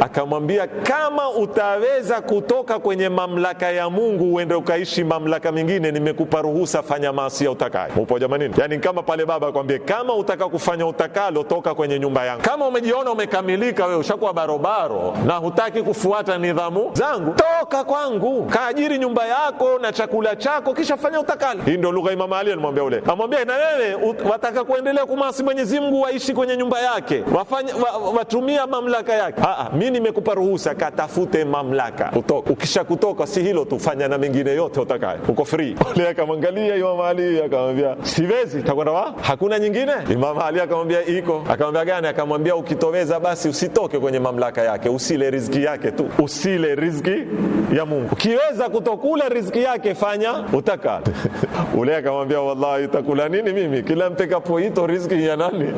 akamwambia kama utaweza kutoka kwenye mamlaka ya Mungu uende ukaishi mamlaka mingine, nimekupa ruhusa, fanya maasi utakayo. Upo jamanini? Yani kama pale baba akwambie, kama utaka kufanya utakalo, toka kwenye nyumba yangu. Kama umejiona umekamilika, wewe ushakuwa barobaro na hutaki kufuata nidhamu zangu, toka kwangu, kaajiri nyumba yako na chakula chako, kisha fanya utakalo. Hii ndio lugha Imam Ali alimwambia ule, amwambia na wewe wataka kuendelea kumasi Mwenyezi Mungu, waishi kwenye nyumba yake, watumia wa, wa mamlaka yake. Mimi nimekupa ruhusa katafute mamlaka utoka. kutoka, si hilo tu, fanya na mengine yote utakaye, uko free. Ule akamwangalia Imam Ali akamwambia siwezi. Takwenda wa hakuna nyingine? Imam Ali akamwambia iko. Akamwambia gani? Akamwambia ukitoweza basi usitoke kwenye mamlaka yake, usile riziki yake tu, usile riziki ya Mungu. Ukiweza kutokula riziki yake fanya utaka. Ule akamwambia wallahi, utakula nini mimi? Kila mtekapo ito riziki ya nani?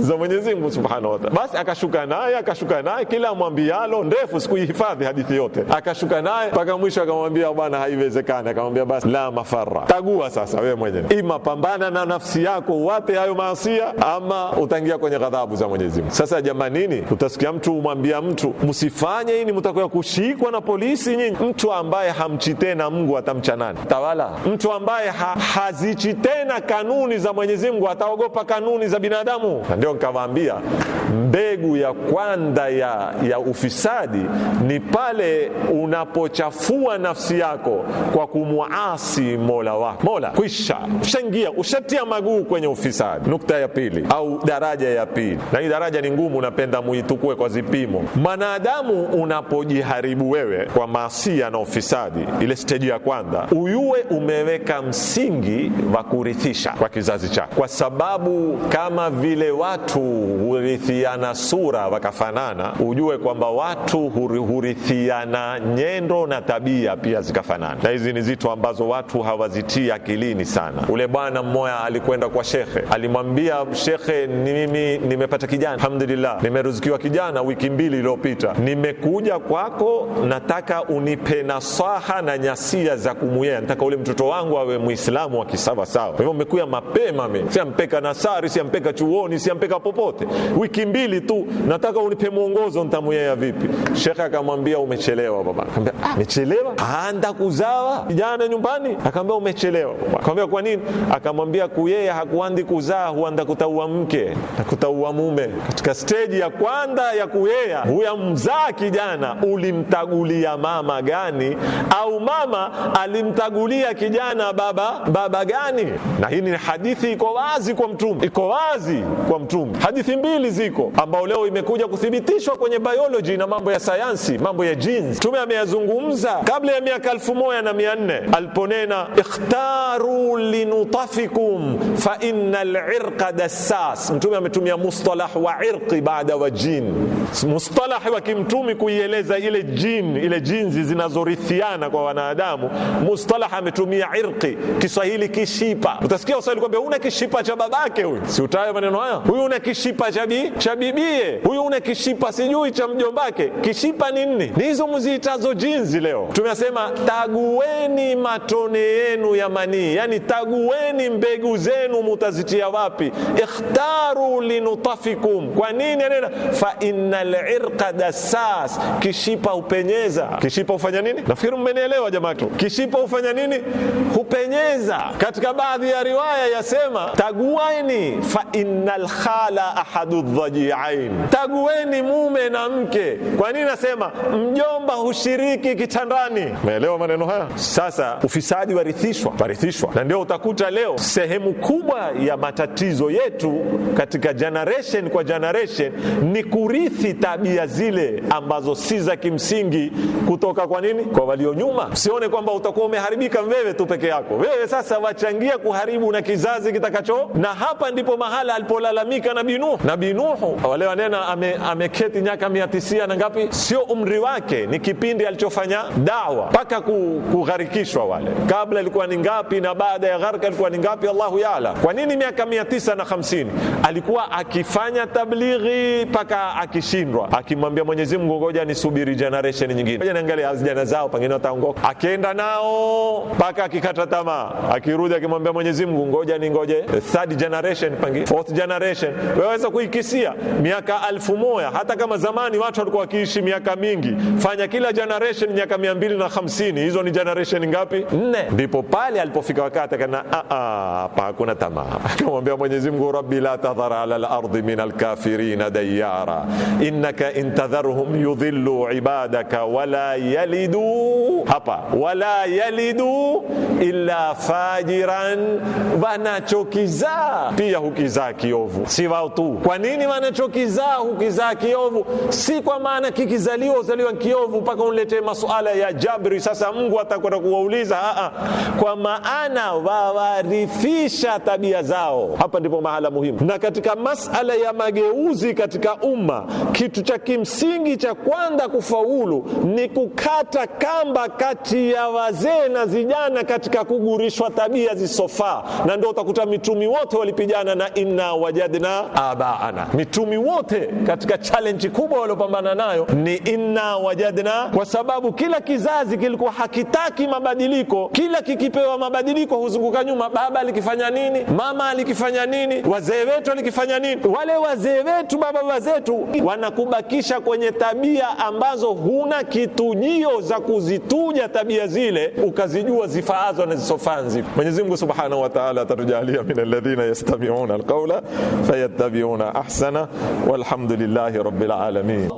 Za Mwenyezi Mungu Subhanahu wa Ta'ala. Basi akashuka naye akashuka naye, kila mwambialo ndio mrefu, sikuihifadhi hadithi yote. Akashuka naye mpaka mwisho, akamwambia oh, bwana, haiwezekani. Akamwambia basi la mafara, tagua sasa wewe mwenyewe, ima pambana na nafsi yako uwape hayo maasia, ama utaingia kwenye ghadhabu za Mwenyezi Mungu. Sasa jamanini, utasikia mtu umwambia mtu msifanye ini mtakuwa kushikwa na polisi nyinyi. Mtu ambaye hamchi tena Mungu atamcha nani tawala? Mtu ambaye ha, hazichi tena kanuni za Mwenyezi Mungu ataogopa kanuni za binadamu. ndio nikawaambia mbegu ya kwanza ya, ya ufisadi ibadi ni pale unapochafua nafsi yako kwa kumwasi mola wako. Mola kwisha, ushaingia ushatia maguu kwenye ufisadi. Nukta ya pili au daraja ya pili, na hii daraja ni ngumu, napenda muitukue kwa zipimo. Mwanadamu unapojiharibu wewe kwa maasia na ufisadi, ile steji ya kwanza, uyue umeweka msingi wa kurithisha kwa kizazi chako, kwa sababu kama vile watu hurithiana sura wakafanana, ujue kwamba watu watu hurithiana nyendo na tabia pia zikafanana, na hizi ni zitu ambazo watu hawazitii akilini sana. Ule bwana mmoya alikwenda kwa shekhe, alimwambia shekhe, ni mimi nimepata kijana, alhamdulillah, nimeruzikiwa kijana wiki mbili iliyopita, nimekuja kwako, nataka unipe nasaha na nyasia za kumuyea, nataka ule mtoto wangu awe mwislamu wa kisawasawa. Kwa hivyo mekuya mapema, mimi siampeka nasari, siampeka chuoni, siampeka popote, wiki mbili tu, nataka unipe mwongozo, nitamuyea vipi? Shekhe akamwambia umechelewa baba. Akamwambia ah, umechelewa? aanda kuzawa kijana nyumbani? Akamwambia umechelewa baba. Akamwambia kwa nini? Akamwambia kuyeye hakuandi kuzaa, huanda kutaua mke na kutaua mume. Katika steji ya kwanza ya kuyea huya mzaa kijana, ulimtagulia mama gani? Au mama alimtagulia kijana baba baba gani? Na hii ni hadithi iko wazi kwa Mtume, iko wazi kwa Mtume. Hadithi mbili ziko ambao leo imekuja kuthibitishwa kwenye biology na mambo ya ya sayansi, mambo ya jinsi. Mtume ameyazungumza kabla ya miaka elfu moja na mia nne aliponena ikhtaru linutafikum fa inna lirqa dassas. Mtume ametumia mustalah wa irqi baada wa jin, mustalah wa kimtumi kuieleza ile jin, ile jinzi zinazorithiana kwa wanadamu. Mustalah ametumia irqi, Kiswahili kishipa. Utasikia Waswahili kwambia una kishipa cha babake huyu, si utayo maneno haya, huyu una kishipa cha bibie, huyu una kishipa sijui cha mjombake Kishipa ni nne, ni hizo mziitazo jinzi. Leo tumesema tagueni matone yenu ya manii, yani tagueni mbegu zenu mutazitia wapi? Ikhtaru linutafikum. Kwa nini anena fa inna irqa dasas? Kishipa upenyeza. Kishipa hufanya nini? Nafikiri mmenielewa jamaki. Kishipa hufanya nini? Hupenyeza. Katika baadhi ya riwaya yasema tagueni fa innal khala ahadu dhajiain, tagueni mume na mke. Kwa Qurani nasema mjomba hushiriki kitandani. Umeelewa maneno haya? Sasa ufisadi warithishwa, warithishwa, na ndio utakuta leo sehemu kubwa ya matatizo yetu katika generation kwa generation ni kurithi tabia zile ambazo si za kimsingi kutoka kwa nini, kwa walio nyuma. Usione kwamba utakuwa umeharibika wewe tu peke yako, wewe sasa wachangia kuharibu na kizazi kitakacho. Na hapa ndipo mahala alipolalamika Nabii Nuhu. Nabii Nuhu wale wanena ameketi ame nyaka mia tisia na ngapi sio umri wake, ni kipindi alichofanya dawa mpaka kugharikishwa wale. Kabla ilikuwa ni ngapi na baada ya gharika ilikuwa ni ngapi? Allahu yaala. Kwa nini miaka mia tisa na hamsini alikuwa akifanya tablighi mpaka akishindwa, akimwambia Mwenyezi Mungu, ngoja nisubiri generation nyingine, ngoja niangalia vijana zao, pengine wataongoka. Akienda nao mpaka akikata tamaa, akirudi akimwambia Mwenyezi Mungu, ngoja ni ngoje third generation, pengine fourth generation. Waweza kuikisia miaka alfu moja hata kama zamani watu walikuwa wakiishi kuishi miaka mingi, fanya kila generation miaka mia mbili na hamsini, hizo ni generation ngapi? Nne. Ndipo pale alipofika wakati akana, ah, ah, hapa hakuna tamaa. Akamwambia Mwenyezi Mungu, rabbi la tadhar ala al-ardi min al-kafirina dayara innaka intadharhum yudhillu ibadaka wala yalidu hapa, wala yalidu illa fajiran, wanachokizaa pia hukizaa kiovu. Si wao tu. Kwa nini wanachokizaa hukizaa kiovu? Si kwa maana kikizaliwa uzaliwa kiovu mpaka unletee masuala ya jabri. Sasa Mungu atakwenda kuwauliza aa, ah, ah, kwa maana wawarithisha tabia zao. Hapa ndipo mahala muhimu, na katika masala ya mageuzi katika umma, kitu cha kimsingi cha kwanza kufaulu ni kukata kamba kati ya wazee na vijana katika kugurishwa tabia zisofaa, na ndio utakuta mitumi wote walipijana na inna wajadna abaana, mitumi wote katika challenge kubwa waliopambana nayo ni inna wajadna, kwa sababu kila kizazi kilikuwa hakitaki mabadiliko. Kila kikipewa mabadiliko huzunguka nyuma, baba alikifanya nini, mama alikifanya nini, wazee wetu alikifanya nini. Wale wazee wetu, baba zetu, wanakubakisha kwenye tabia ambazo huna kitujio za kuzituja tabia zile ukazijua zifaazo na zisofanzi. Mwenyezi Mungu subhanahu wa taala atatujalia min alladhina yastamiuna alqaula fayattabiuna ahsana, walhamdulillahi rabbil alamin.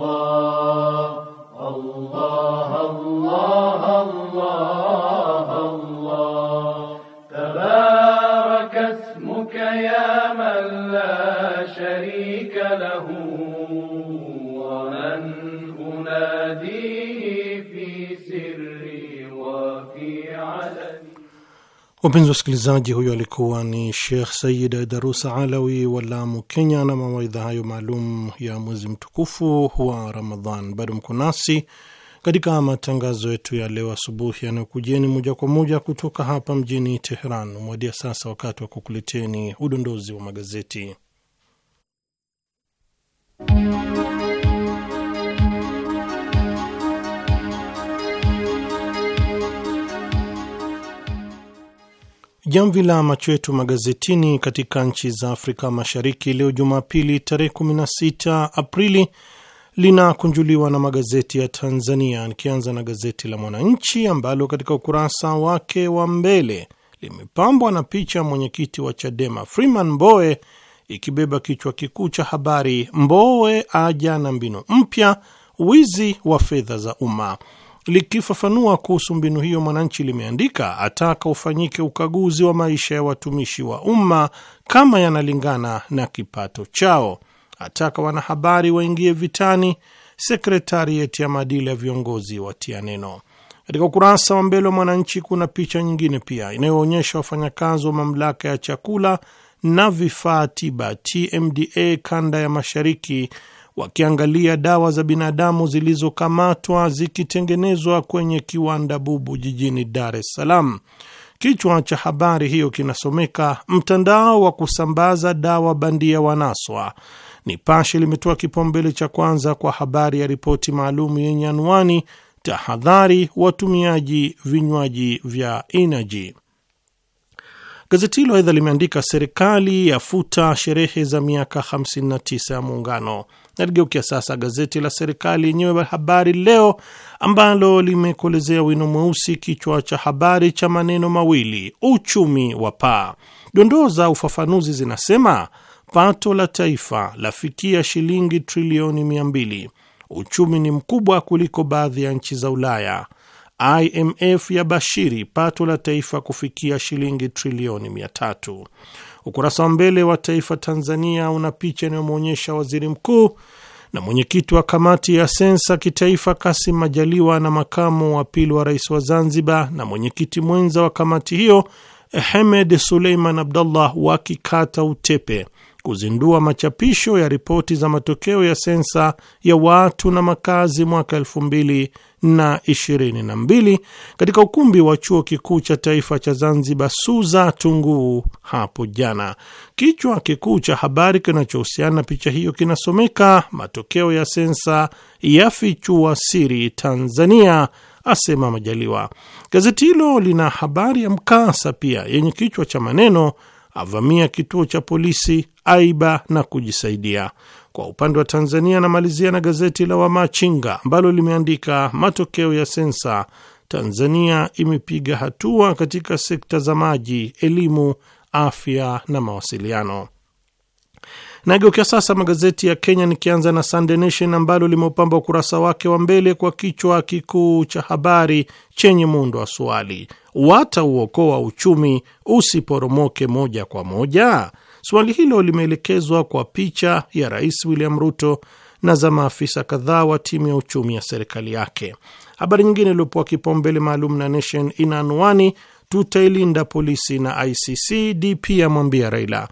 الله الله الله الله شريك له ومن أنادي Wapenzi wasikilizaji, huyo alikuwa ni Shekh Sayid Darusa Alawi wa Lamu, Kenya, na mawaidha hayo maalum ya mwezi mtukufu wa Ramadhan. Bado mko nasi katika matangazo yetu ya leo asubuhi yanayokujeni moja kwa moja kutoka hapa mjini Teheran. Umewadia sasa wakati wa kukuleteni udondozi wa magazeti. Jamvi la macho yetu magazetini katika nchi za Afrika Mashariki leo Jumapili tarehe 16 Aprili linakunjuliwa na magazeti ya Tanzania, nikianza na gazeti la Mwananchi ambalo katika ukurasa wake wa mbele limepambwa na picha mwenyekiti wa Chadema Freeman Mbowe ikibeba kichwa kikuu cha habari, Mbowe aja na mbinu mpya wizi wa fedha za umma. Likifafanua kuhusu mbinu hiyo, Mwananchi limeandika ataka ufanyike ukaguzi wa maisha ya watumishi wa umma kama yanalingana na kipato chao, ataka wanahabari waingie vitani, sekretarieti ya maadili ya viongozi watia neno. Katika ukurasa wa mbele wa Mwananchi kuna picha nyingine pia inayoonyesha wafanyakazi wa mamlaka ya chakula na vifaa tiba TMDA kanda ya mashariki wakiangalia dawa za binadamu zilizokamatwa zikitengenezwa kwenye kiwanda bubu jijini Dar es Salaam. Kichwa cha habari hiyo kinasomeka mtandao wa kusambaza dawa bandia wanaswa. Nipashe limetoa kipaumbele cha kwanza kwa habari ya ripoti maalum yenye anwani tahadhari watumiaji vinywaji vya inaji. Gazeti hilo aidha limeandika serikali yafuta sherehe za miaka 59 ya muungano. Naligeukia sasa gazeti la serikali yenyewe Habari Leo, ambalo limekolezea wino mweusi kichwa cha habari cha maneno mawili, uchumi wa paa. Dondoo za ufafanuzi zinasema pato la taifa lafikia shilingi trilioni mia mbili, uchumi ni mkubwa kuliko baadhi ya nchi za Ulaya. IMF ya bashiri pato la taifa kufikia shilingi trilioni mia tatu. Ukurasa wa mbele wa Taifa Tanzania una picha inayomwonyesha waziri mkuu na mwenyekiti wa kamati ya sensa kitaifa Kasim Majaliwa na makamu wa pili wa rais wa Zanzibar na mwenyekiti mwenza wa kamati hiyo Hemed Suleiman Abdallah wakikata utepe kuzindua machapisho ya ripoti za matokeo ya sensa ya watu na makazi mwaka elfu mbili na mbili katika ukumbi wa chuo kikuu cha taifa cha Zanzibar Suza Tunguu hapo jana. Kichwa kikuu cha habari kinachohusiana na picha hiyo kinasomeka matokeo ya sensa yafichua siri Tanzania, asema Majaliwa. Gazeti hilo lina habari ya mkasa pia yenye kichwa cha maneno avamia kituo cha polisi, aiba na kujisaidia. Kwa upande wa Tanzania, anamalizia na gazeti la Wamachinga ambalo limeandika matokeo ya sensa, Tanzania imepiga hatua katika sekta za maji, elimu, afya na mawasiliano. Nageukia sasa magazeti ya Kenya, nikianza na Sunday Nation ambalo limeupamba ukurasa wake wa mbele kwa kichwa kikuu cha habari chenye muundo wa swali, watauokoa uchumi usiporomoke moja kwa moja? Suali hilo limeelekezwa kwa picha ya Rais William Ruto na za maafisa kadhaa wa timu ya uchumi ya serikali yake. Habari nyingine iliyopewa kipaumbele maalum na Nation ina anwani tutailinda polisi na ICC, DP amwambia Raila.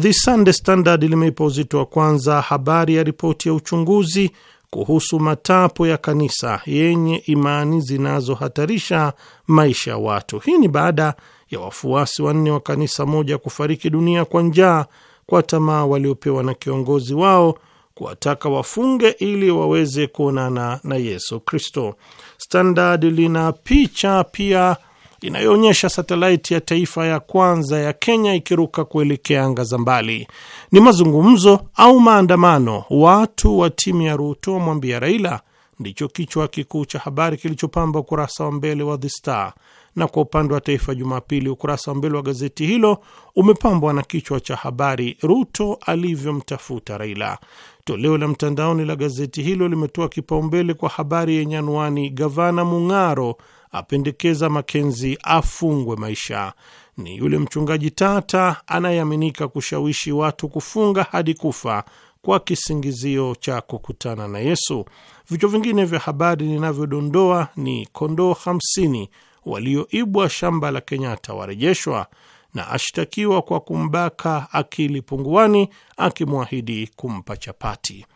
The Sunday Standard limeipa uzito wa kwanza habari ya ripoti ya uchunguzi kuhusu matapo ya kanisa yenye imani zinazohatarisha maisha ya watu. Hii ni baada ya wafuasi wanne wa kanisa moja kufariki dunia kwa njaa kwa tamaa waliopewa na kiongozi wao kuwataka wafunge ili waweze kuonana na Yesu Kristo. Standard lina picha pia inayoonyesha satelaiti ya taifa ya kwanza ya Kenya ikiruka kuelekea anga za mbali. Ni mazungumzo au maandamano, watu wa timu ya Ruto wamwambia Raila, ndicho kichwa kikuu cha habari kilichopamba ukurasa wa mbele wa The Star na kwa upande wa Taifa Jumapili, ukurasa wa mbele wa gazeti hilo umepambwa na kichwa cha habari, Ruto alivyomtafuta Raila. Toleo la mtandaoni la gazeti hilo limetoa kipaumbele kwa habari yenye anwani, gavana Mung'aro apendekeza Makenzi afungwe maisha. Ni yule mchungaji tata anayeaminika kushawishi watu kufunga hadi kufa kwa kisingizio cha kukutana na Yesu. Vichwa vingine vya habari ninavyodondoa ni kondoo hamsini walioibwa shamba la Kenyatta warejeshwa na ashtakiwa kwa kumbaka akili punguani akimwahidi kumpa chapati.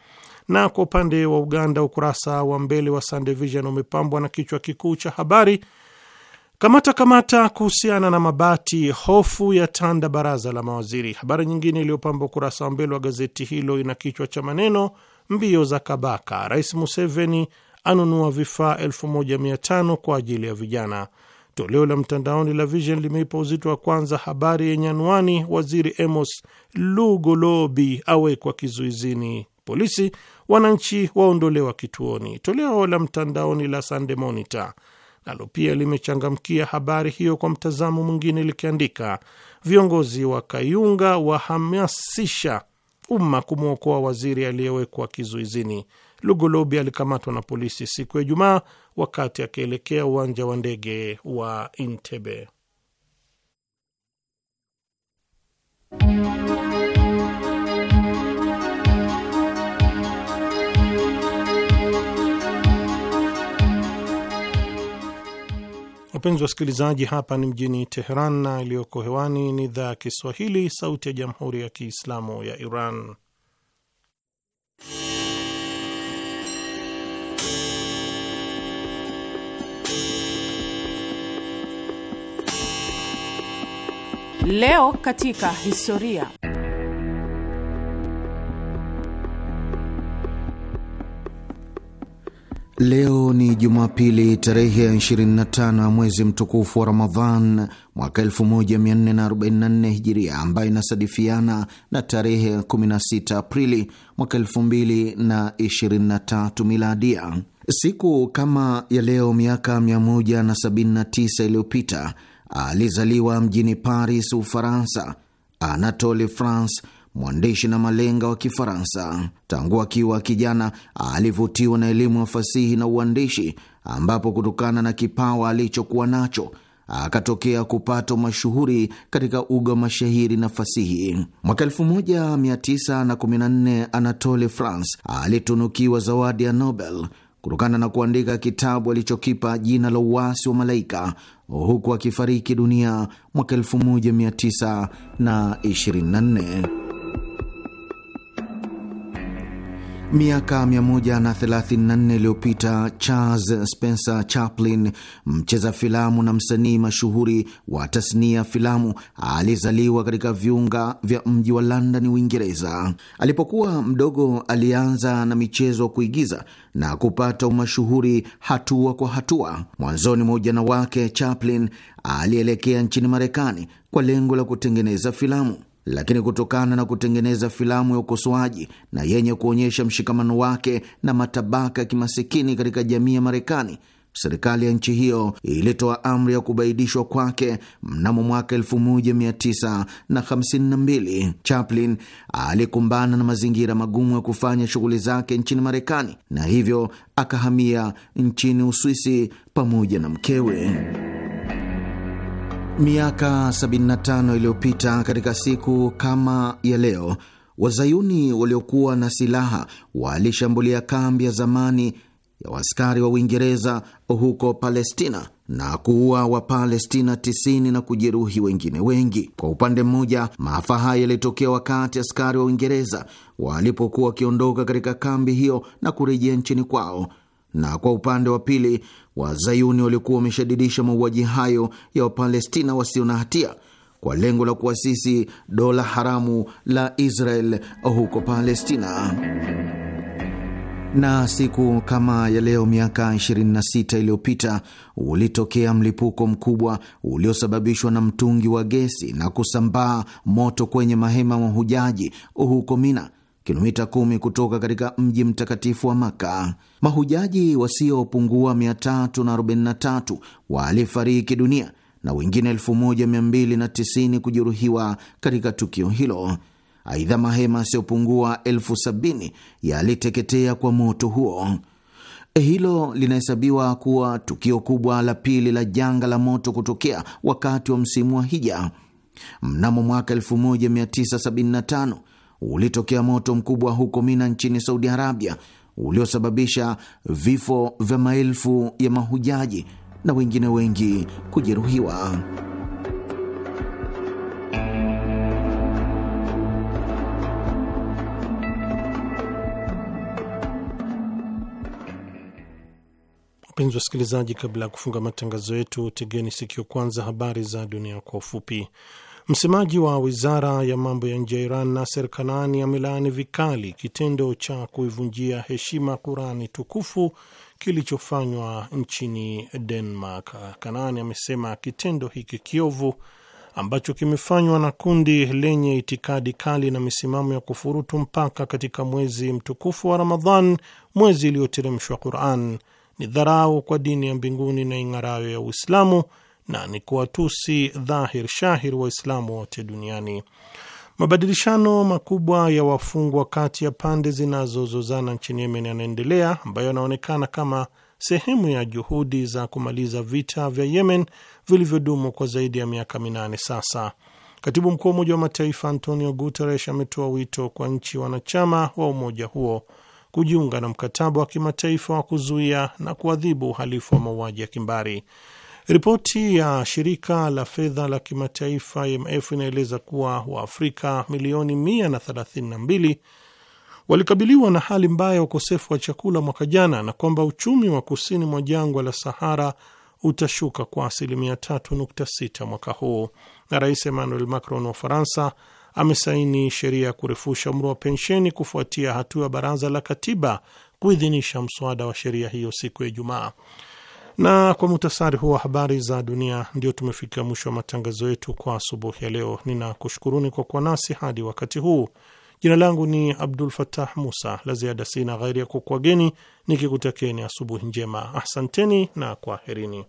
Na kwa upande wa Uganda, ukurasa wa mbele wa Sunday Vision umepambwa na kichwa kikuu cha habari Kamata kamata kuhusiana na mabati, hofu ya tanda baraza la mawaziri. Habari nyingine iliyopamba ukurasa wa mbele wa gazeti hilo ina kichwa cha maneno mbio za Kabaka, Rais Museveni anunua vifaa 1500 kwa ajili ya vijana. Toleo la mtandaoni la Vision limeipa uzito wa kwanza habari yenye anwani, waziri Amos Lugolobi awekwa kizuizini, polisi wananchi waondolewa kituoni. Toleo la mtandaoni la Sunday Monitor nalo pia limechangamkia habari hiyo kwa mtazamo mwingine likiandika, viongozi wa Kayunga wahamasisha umma kumwokoa waziri aliyewekwa kizuizini. Lugolobi alikamatwa na polisi siku ya Ijumaa wakati akielekea uwanja wa ndege wa Entebbe. Wapenzi wasikilizaji, hapa ni mjini Teheran na iliyoko hewani ni idhaa ya Kiswahili, sauti ya jamhuri ya kiislamu ya Iran. Leo katika historia. Leo ni Jumapili tarehe ya 25 mwezi mtukufu wa Ramadhan mwaka 1444 Hijiria, ambayo inasadifiana na tarehe 16 Aprili mwaka 2023 Miladia. Siku kama ya leo miaka 179 iliyopita Alizaliwa mjini Paris, Ufaransa. Anatole France, mwandishi na malenga wa Kifaransa, tangu akiwa kijana alivutiwa na elimu ya fasihi na uandishi, ambapo kutokana na kipawa alichokuwa nacho akatokea kupata mashuhuri katika uga mashahiri na fasihi. Mwaka 1914 Anatole France alitunukiwa zawadi ya Nobel kutokana na kuandika kitabu alichokipa jina la Uasi wa Malaika, huku akifariki dunia mwaka 1924. Miaka 134 iliyopita Charles Spencer Chaplin, mcheza filamu na msanii mashuhuri wa tasnia filamu, alizaliwa katika viunga vya mji wa London, Uingereza. Alipokuwa mdogo, alianza na michezo kuigiza na kupata umashuhuri hatua kwa hatua. Mwanzoni mwa ujana wake, Chaplin alielekea nchini Marekani kwa lengo la kutengeneza filamu lakini kutokana na kutengeneza filamu ya ukosoaji na yenye kuonyesha mshikamano wake na matabaka ya kimasikini katika jamii ya Marekani, serikali ya nchi hiyo ilitoa amri ya kubaidishwa kwake mnamo mwaka 1952. Chaplin alikumbana na mazingira magumu ya kufanya shughuli zake nchini Marekani na hivyo akahamia nchini Uswisi pamoja na mkewe. Miaka 75 iliyopita katika siku kama ya leo, wazayuni waliokuwa na silaha walishambulia kambi ya zamani ya waskari wa Uingereza huko Palestina na kuua Wapalestina 90 na kujeruhi wengine wengi. Kwa upande mmoja, maafa haya yalitokea wakati askari wa Uingereza walipokuwa wakiondoka katika kambi hiyo na kurejea nchini kwao na kwa upande wa pili wazayuni walikuwa wameshadidisha mauaji hayo ya Wapalestina wasio na hatia kwa lengo la kuasisi dola haramu la Israel huko Palestina. Na siku kama ya leo miaka 26 iliyopita ulitokea mlipuko mkubwa uliosababishwa na mtungi wa gesi na kusambaa moto kwenye mahema mahujaji huko Mina kilomita kumi kutoka katika mji mtakatifu wa Maka. Mahujaji wasiopungua 343 walifariki dunia na wengine 1290 kujeruhiwa katika tukio hilo. Aidha, mahema yasiyopungua elfu sabini yaliteketea kwa moto huo. Hilo linahesabiwa kuwa tukio kubwa la pili la janga la moto kutokea wakati wa msimu wa hija. Mnamo mwaka 1975 ulitokea moto mkubwa huko Mina nchini Saudi Arabia uliosababisha vifo vya maelfu ya mahujaji na wengine wengi kujeruhiwa. Wapenzi wasikilizaji, kabla ya kufunga matangazo yetu, tegeni sikio kwanza habari za dunia kwa ufupi. Msemaji wa wizara ya mambo ya nje ya Iran Naser Kanani amelaani vikali kitendo cha kuivunjia heshima Kurani tukufu kilichofanywa nchini Denmark. Kanani amesema kitendo hiki kiovu ambacho kimefanywa na kundi lenye itikadi kali na misimamo ya kufurutu mpaka katika mwezi mtukufu wa Ramadhan, mwezi iliyoteremshwa Quran, ni dharau kwa dini ya mbinguni na ing'arayo ya Uislamu na ni kuwatusi dhahir shahir Waislamu wote duniani. Mabadilishano makubwa ya wafungwa kati ya pande zinazozozana nchini Yemen yanaendelea, ambayo yanaonekana kama sehemu ya juhudi za kumaliza vita vya Yemen vilivyodumu kwa zaidi ya miaka minane sasa. Katibu mkuu wa Umoja wa Mataifa Antonio Guterres ametoa wito kwa nchi wanachama wa umoja huo kujiunga na mkataba wa kimataifa wa kuzuia na kuadhibu uhalifu wa mauaji ya kimbari. Ripoti ya shirika la fedha la kimataifa IMF inaeleza kuwa Waafrika milioni 132 walikabiliwa na hali mbaya ya ukosefu wa chakula mwaka jana na kwamba uchumi wa kusini mwa jangwa la Sahara utashuka kwa asilimia 3.6 mwaka huu. Na Rais Emmanuel Macron wa Ufaransa amesaini sheria ya kurefusha umri wa pensheni kufuatia hatua ya baraza la katiba kuidhinisha mswada wa sheria hiyo siku ya Ijumaa. Na kwa muhtasari huu wa habari za dunia, ndio tumefikia mwisho wa matangazo yetu kwa asubuhi ya leo. Ninakushukuruni kwa kuwa nasi hadi wakati huu. Jina langu ni Abdul Fatah Musa. La ziada sina ghairi ya kukwageni nikikutakeni asubuhi njema. Asanteni na kwaherini.